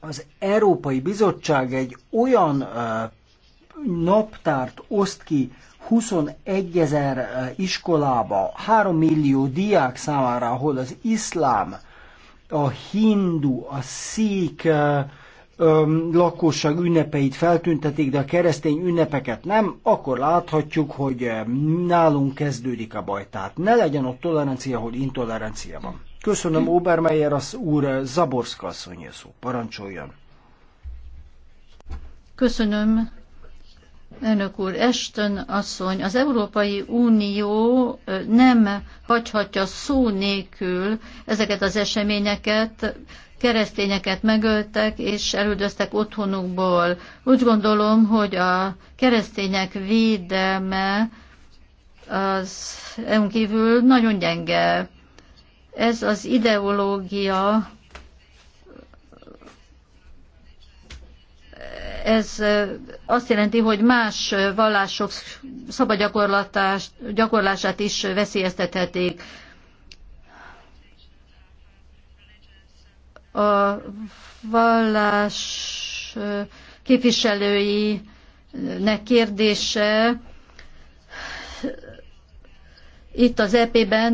az Európai Bizottság egy olyan naptárt oszt ki, 21 ezer eh, iskolába, 3 millió diák számára, ahol az iszlám, a hindu, a szík eh, lakosság ünnepeit feltüntetik, de a keresztény ünnepeket nem, akkor láthatjuk, hogy eh, nálunk kezdődik a baj. Tehát ne legyen ott tolerancia, ahol intolerancia van. Köszönöm Obermeyer az úr, Zaborszka asszony szó. Parancsoljon! Köszönöm, Önök úr, Eston asszony, az Európai Unió nem hagyhatja szó nélkül ezeket az eseményeket, keresztényeket megöltek és elüldöztek otthonukból. Úgy gondolom, hogy a keresztények védelme az EU kívül nagyon gyenge. Ez az ideológia ez azt jelenti, hogy más vallások szabad gyakorlását is veszélyeztethetik. A vallás képviselőinek kérdése itt az EP-ben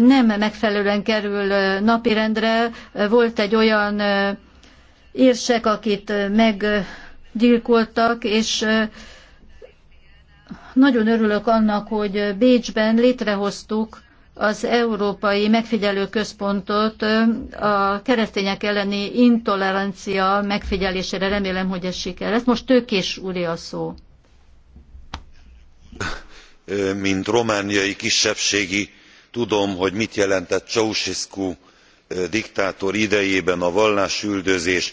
nem megfelelően kerül napirendre. Volt egy olyan érsek, akit meggyilkoltak, és nagyon örülök annak, hogy Bécsben létrehoztuk az Európai Megfigyelő Központot a keresztények elleni intolerancia megfigyelésére. Remélem, hogy ez siker. Ez most Tőkés úri a szó. Mint romániai kisebbségi, tudom, hogy mit jelentett Ceausescu diktátor idejében a vallásüldözés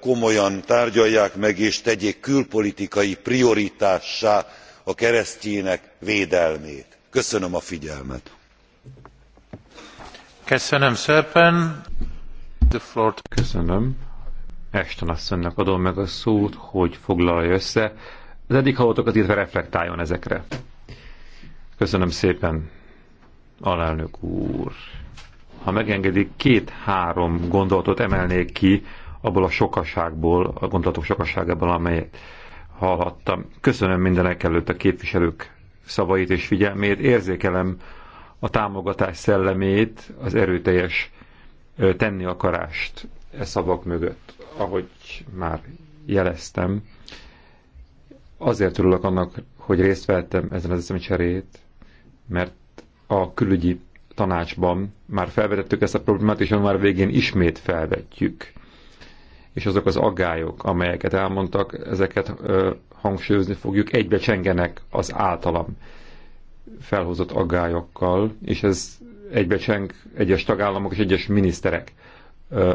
komolyan tárgyalják meg és tegyék külpolitikai prioritássá a keresztyének védelmét. köszönöm a figyelmet. Köszönöm. Ashton asszonynak adom meg a szót, hogy foglalja össze. Az eddig hallottakat illetve reflektáljon ezekre. Köszönöm szépen, alelnök úr. Ha megengedik, két-három gondolatot emelnék ki, abból a sokaságból, a gondolatok sokaságából, amelyet hallhattam. Köszönöm mindenek előtt a képviselők szavait és figyelmét, érzékelem a támogatás szellemét, az erőteljes tenni akarást e szavak mögött, ahogy már jeleztem. Azért örülök annak, hogy részt vettem ezen az eszemcserét, mert a külügyi tanácsban már felvetettük ezt a problémát, és már végén ismét felvetjük és azok az aggályok, amelyeket elmondtak, ezeket ö, hangsúlyozni fogjuk, egybe csengenek az általam felhozott aggályokkal, és ez egybecseng egyes tagállamok és egyes miniszterek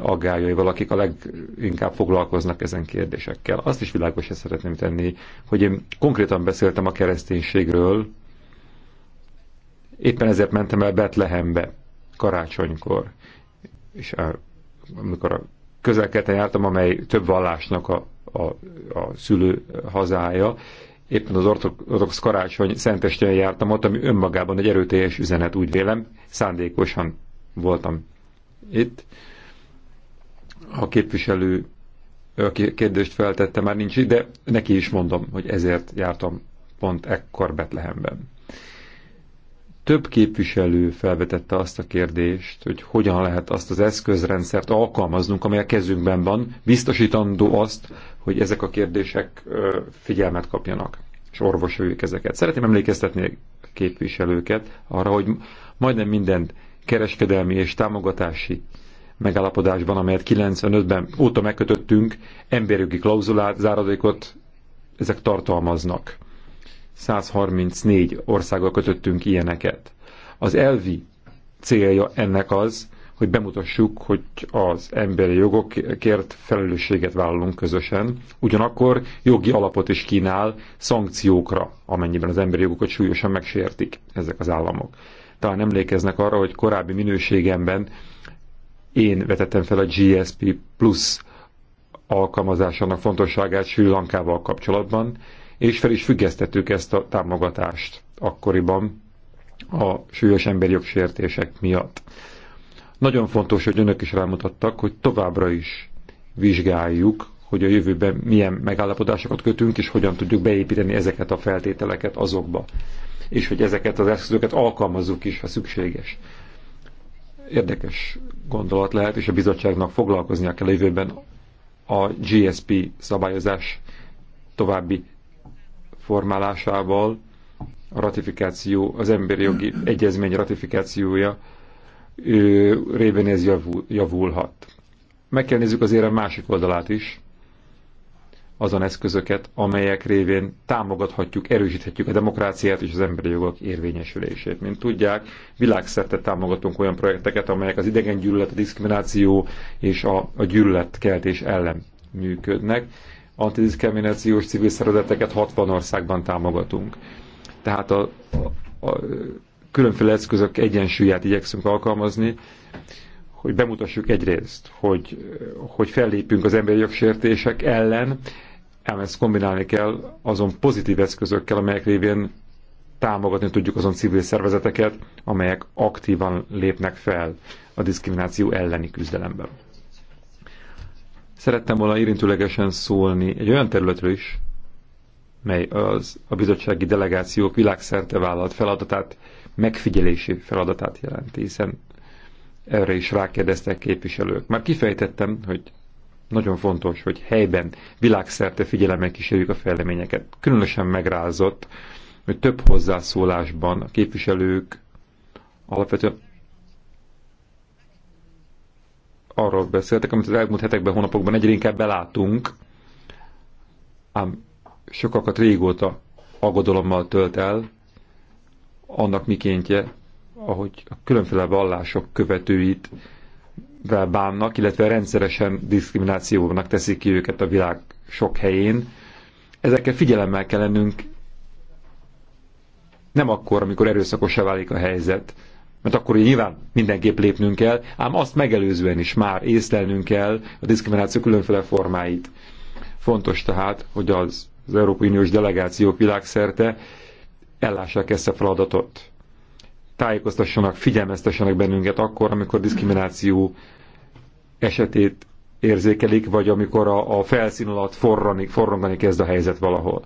aggályaival, akik a leginkább foglalkoznak ezen kérdésekkel. Azt is világosra szeretném tenni, hogy én konkrétan beszéltem a kereszténységről, éppen ezért mentem el Betlehembe karácsonykor, és amikor a közelketen jártam, amely több vallásnak a, a, a szülő hazája. Éppen az ortodox karácsony szentestően jártam ott, ami önmagában egy erőteljes üzenet, úgy vélem. Szándékosan voltam itt. A képviselő a kérdést feltette, már nincs itt, de neki is mondom, hogy ezért jártam pont ekkor Betlehemben. Több képviselő felvetette azt a kérdést, hogy hogyan lehet azt az eszközrendszert alkalmaznunk, amely a kezünkben van, biztosítandó azt, hogy ezek a kérdések figyelmet kapjanak, és orvosoljuk ezeket. Szeretném emlékeztetni a képviselőket arra, hogy majdnem minden kereskedelmi és támogatási megállapodásban, amelyet 95-ben óta megkötöttünk, emberjogi klauzulát, záradékot ezek tartalmaznak. 134 országgal kötöttünk ilyeneket. Az elvi célja ennek az, hogy bemutassuk, hogy az emberi jogokért felelősséget vállalunk közösen, ugyanakkor jogi alapot is kínál szankciókra, amennyiben az emberi jogokat súlyosan megsértik ezek az államok. Talán emlékeznek arra, hogy korábbi minőségemben én vetettem fel a GSP Plus alkalmazásának fontosságát Sri Lankával kapcsolatban, és fel is függesztettük ezt a támogatást akkoriban a súlyos emberi jogsértések miatt. Nagyon fontos, hogy önök is rámutattak, hogy továbbra is vizsgáljuk, hogy a jövőben milyen megállapodásokat kötünk, és hogyan tudjuk beépíteni ezeket a feltételeket azokba, és hogy ezeket az eszközöket alkalmazzuk is, ha szükséges. Érdekes gondolat lehet, és a bizottságnak foglalkoznia kell a jövőben a GSP szabályozás további formálásával a ratifikáció, az emberi jogi egyezmény ratifikációja ő, révén ez javul, javulhat. Meg kell nézzük az a másik oldalát is, azon eszközöket, amelyek révén támogathatjuk, erősíthetjük a demokráciát és az emberi jogok érvényesülését. Mint tudják, világszerte támogatunk olyan projekteket, amelyek az idegen gyűlölet, a diszkrimináció és a, a gyűlöletkeltés ellen működnek antidiszkriminációs civil szervezeteket 60 országban támogatunk. Tehát a, a, a különféle eszközök egyensúlyát igyekszünk alkalmazni, hogy bemutassuk egyrészt, hogy, hogy fellépünk az emberi jogsértések ellen, ezt kombinálni kell azon pozitív eszközökkel, amelyek révén támogatni tudjuk azon civil szervezeteket, amelyek aktívan lépnek fel a diszkrimináció elleni küzdelemben. Szerettem volna érintőlegesen szólni egy olyan területről is, mely az a bizottsági delegációk világszerte vállalt feladatát, megfigyelési feladatát jelenti, hiszen erre is rákérdeztek képviselők. Már kifejtettem, hogy nagyon fontos, hogy helyben világszerte figyelemmel kísérjük a fejleményeket. Különösen megrázott, hogy több hozzászólásban a képviselők alapvetően arról beszéltek, amit az elmúlt hetekben, hónapokban egyre inkább belátunk, ám sokakat régóta aggodalommal tölt el annak mikéntje, ahogy a különféle vallások követőit bánnak, illetve rendszeresen diszkriminációnak teszik ki őket a világ sok helyén. Ezekkel figyelemmel kell lennünk nem akkor, amikor erőszakosá válik a helyzet, mert akkor nyilván mindenképp lépnünk kell, ám azt megelőzően is már észlelnünk kell a diszkrimináció különféle formáit. Fontos tehát, hogy az, az Európai Uniós delegációk világszerte ellássák ezt a feladatot. Tájékoztassanak, figyelmeztessenek bennünket akkor, amikor diszkrimináció esetét érzékelik, vagy amikor a, a felszín alatt forrani, forrongani kezd a helyzet valahol.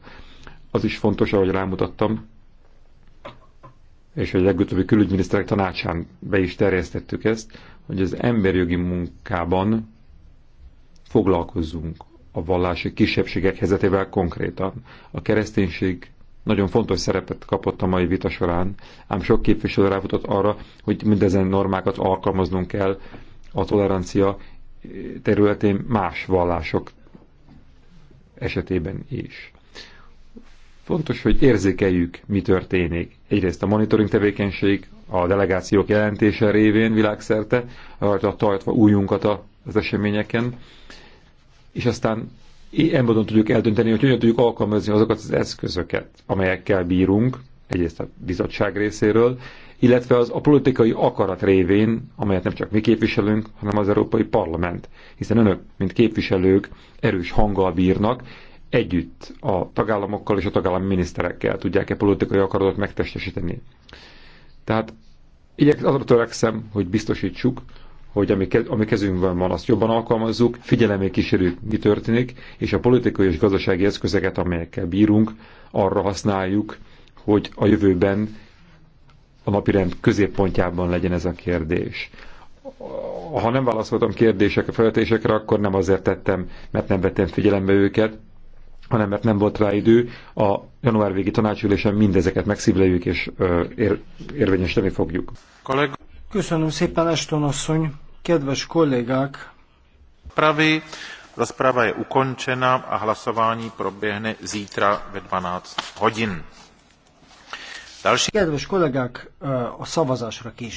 Az is fontos, ahogy rámutattam, és a legutóbbi külügyminiszterek tanácsán be is terjesztettük ezt, hogy az emberjogi munkában foglalkozzunk a vallási kisebbségek helyzetével konkrétan. A kereszténység nagyon fontos szerepet kapott a mai vita során, ám sok képviselő ráfutott arra, hogy mindezen normákat alkalmaznunk kell a tolerancia területén más vallások esetében is. Fontos, hogy érzékeljük, mi történik egyrészt a monitoring tevékenység, a delegációk jelentése révén világszerte, rajta tartva újunkat az eseményeken, és aztán ilyen módon tudjuk eldönteni, hogy hogyan tudjuk alkalmazni azokat az eszközöket, amelyekkel bírunk, egyrészt a bizottság részéről, illetve az a politikai akarat révén, amelyet nem csak mi képviselünk, hanem az Európai Parlament. Hiszen önök, mint képviselők erős hanggal bírnak, együtt a tagállamokkal és a tagállami miniszterekkel tudják-e politikai akaratot megtestesíteni. Tehát igyek, azra törekszem, hogy biztosítsuk, hogy ami, kezünkben van, azt jobban alkalmazzuk, figyelemé kísérjük, mi történik, és a politikai és gazdasági eszközeket, amelyekkel bírunk, arra használjuk, hogy a jövőben a napirend középpontjában legyen ez a kérdés. Ha nem válaszoltam kérdésekre, feltésekre, akkor nem azért tettem, mert nem vettem figyelembe őket, hanem mert nem volt rá idő, a január végi tanácsülésen mindezeket megszívleljük és ér, érvényesíteni fogjuk. Köszönöm szépen, Eston asszony! Kedves kollégák! Pravi, rozprava je ukončena a hlasování proběhne zítra ve 12 hodin. Další... Kedves kollégák, a szavazásra később.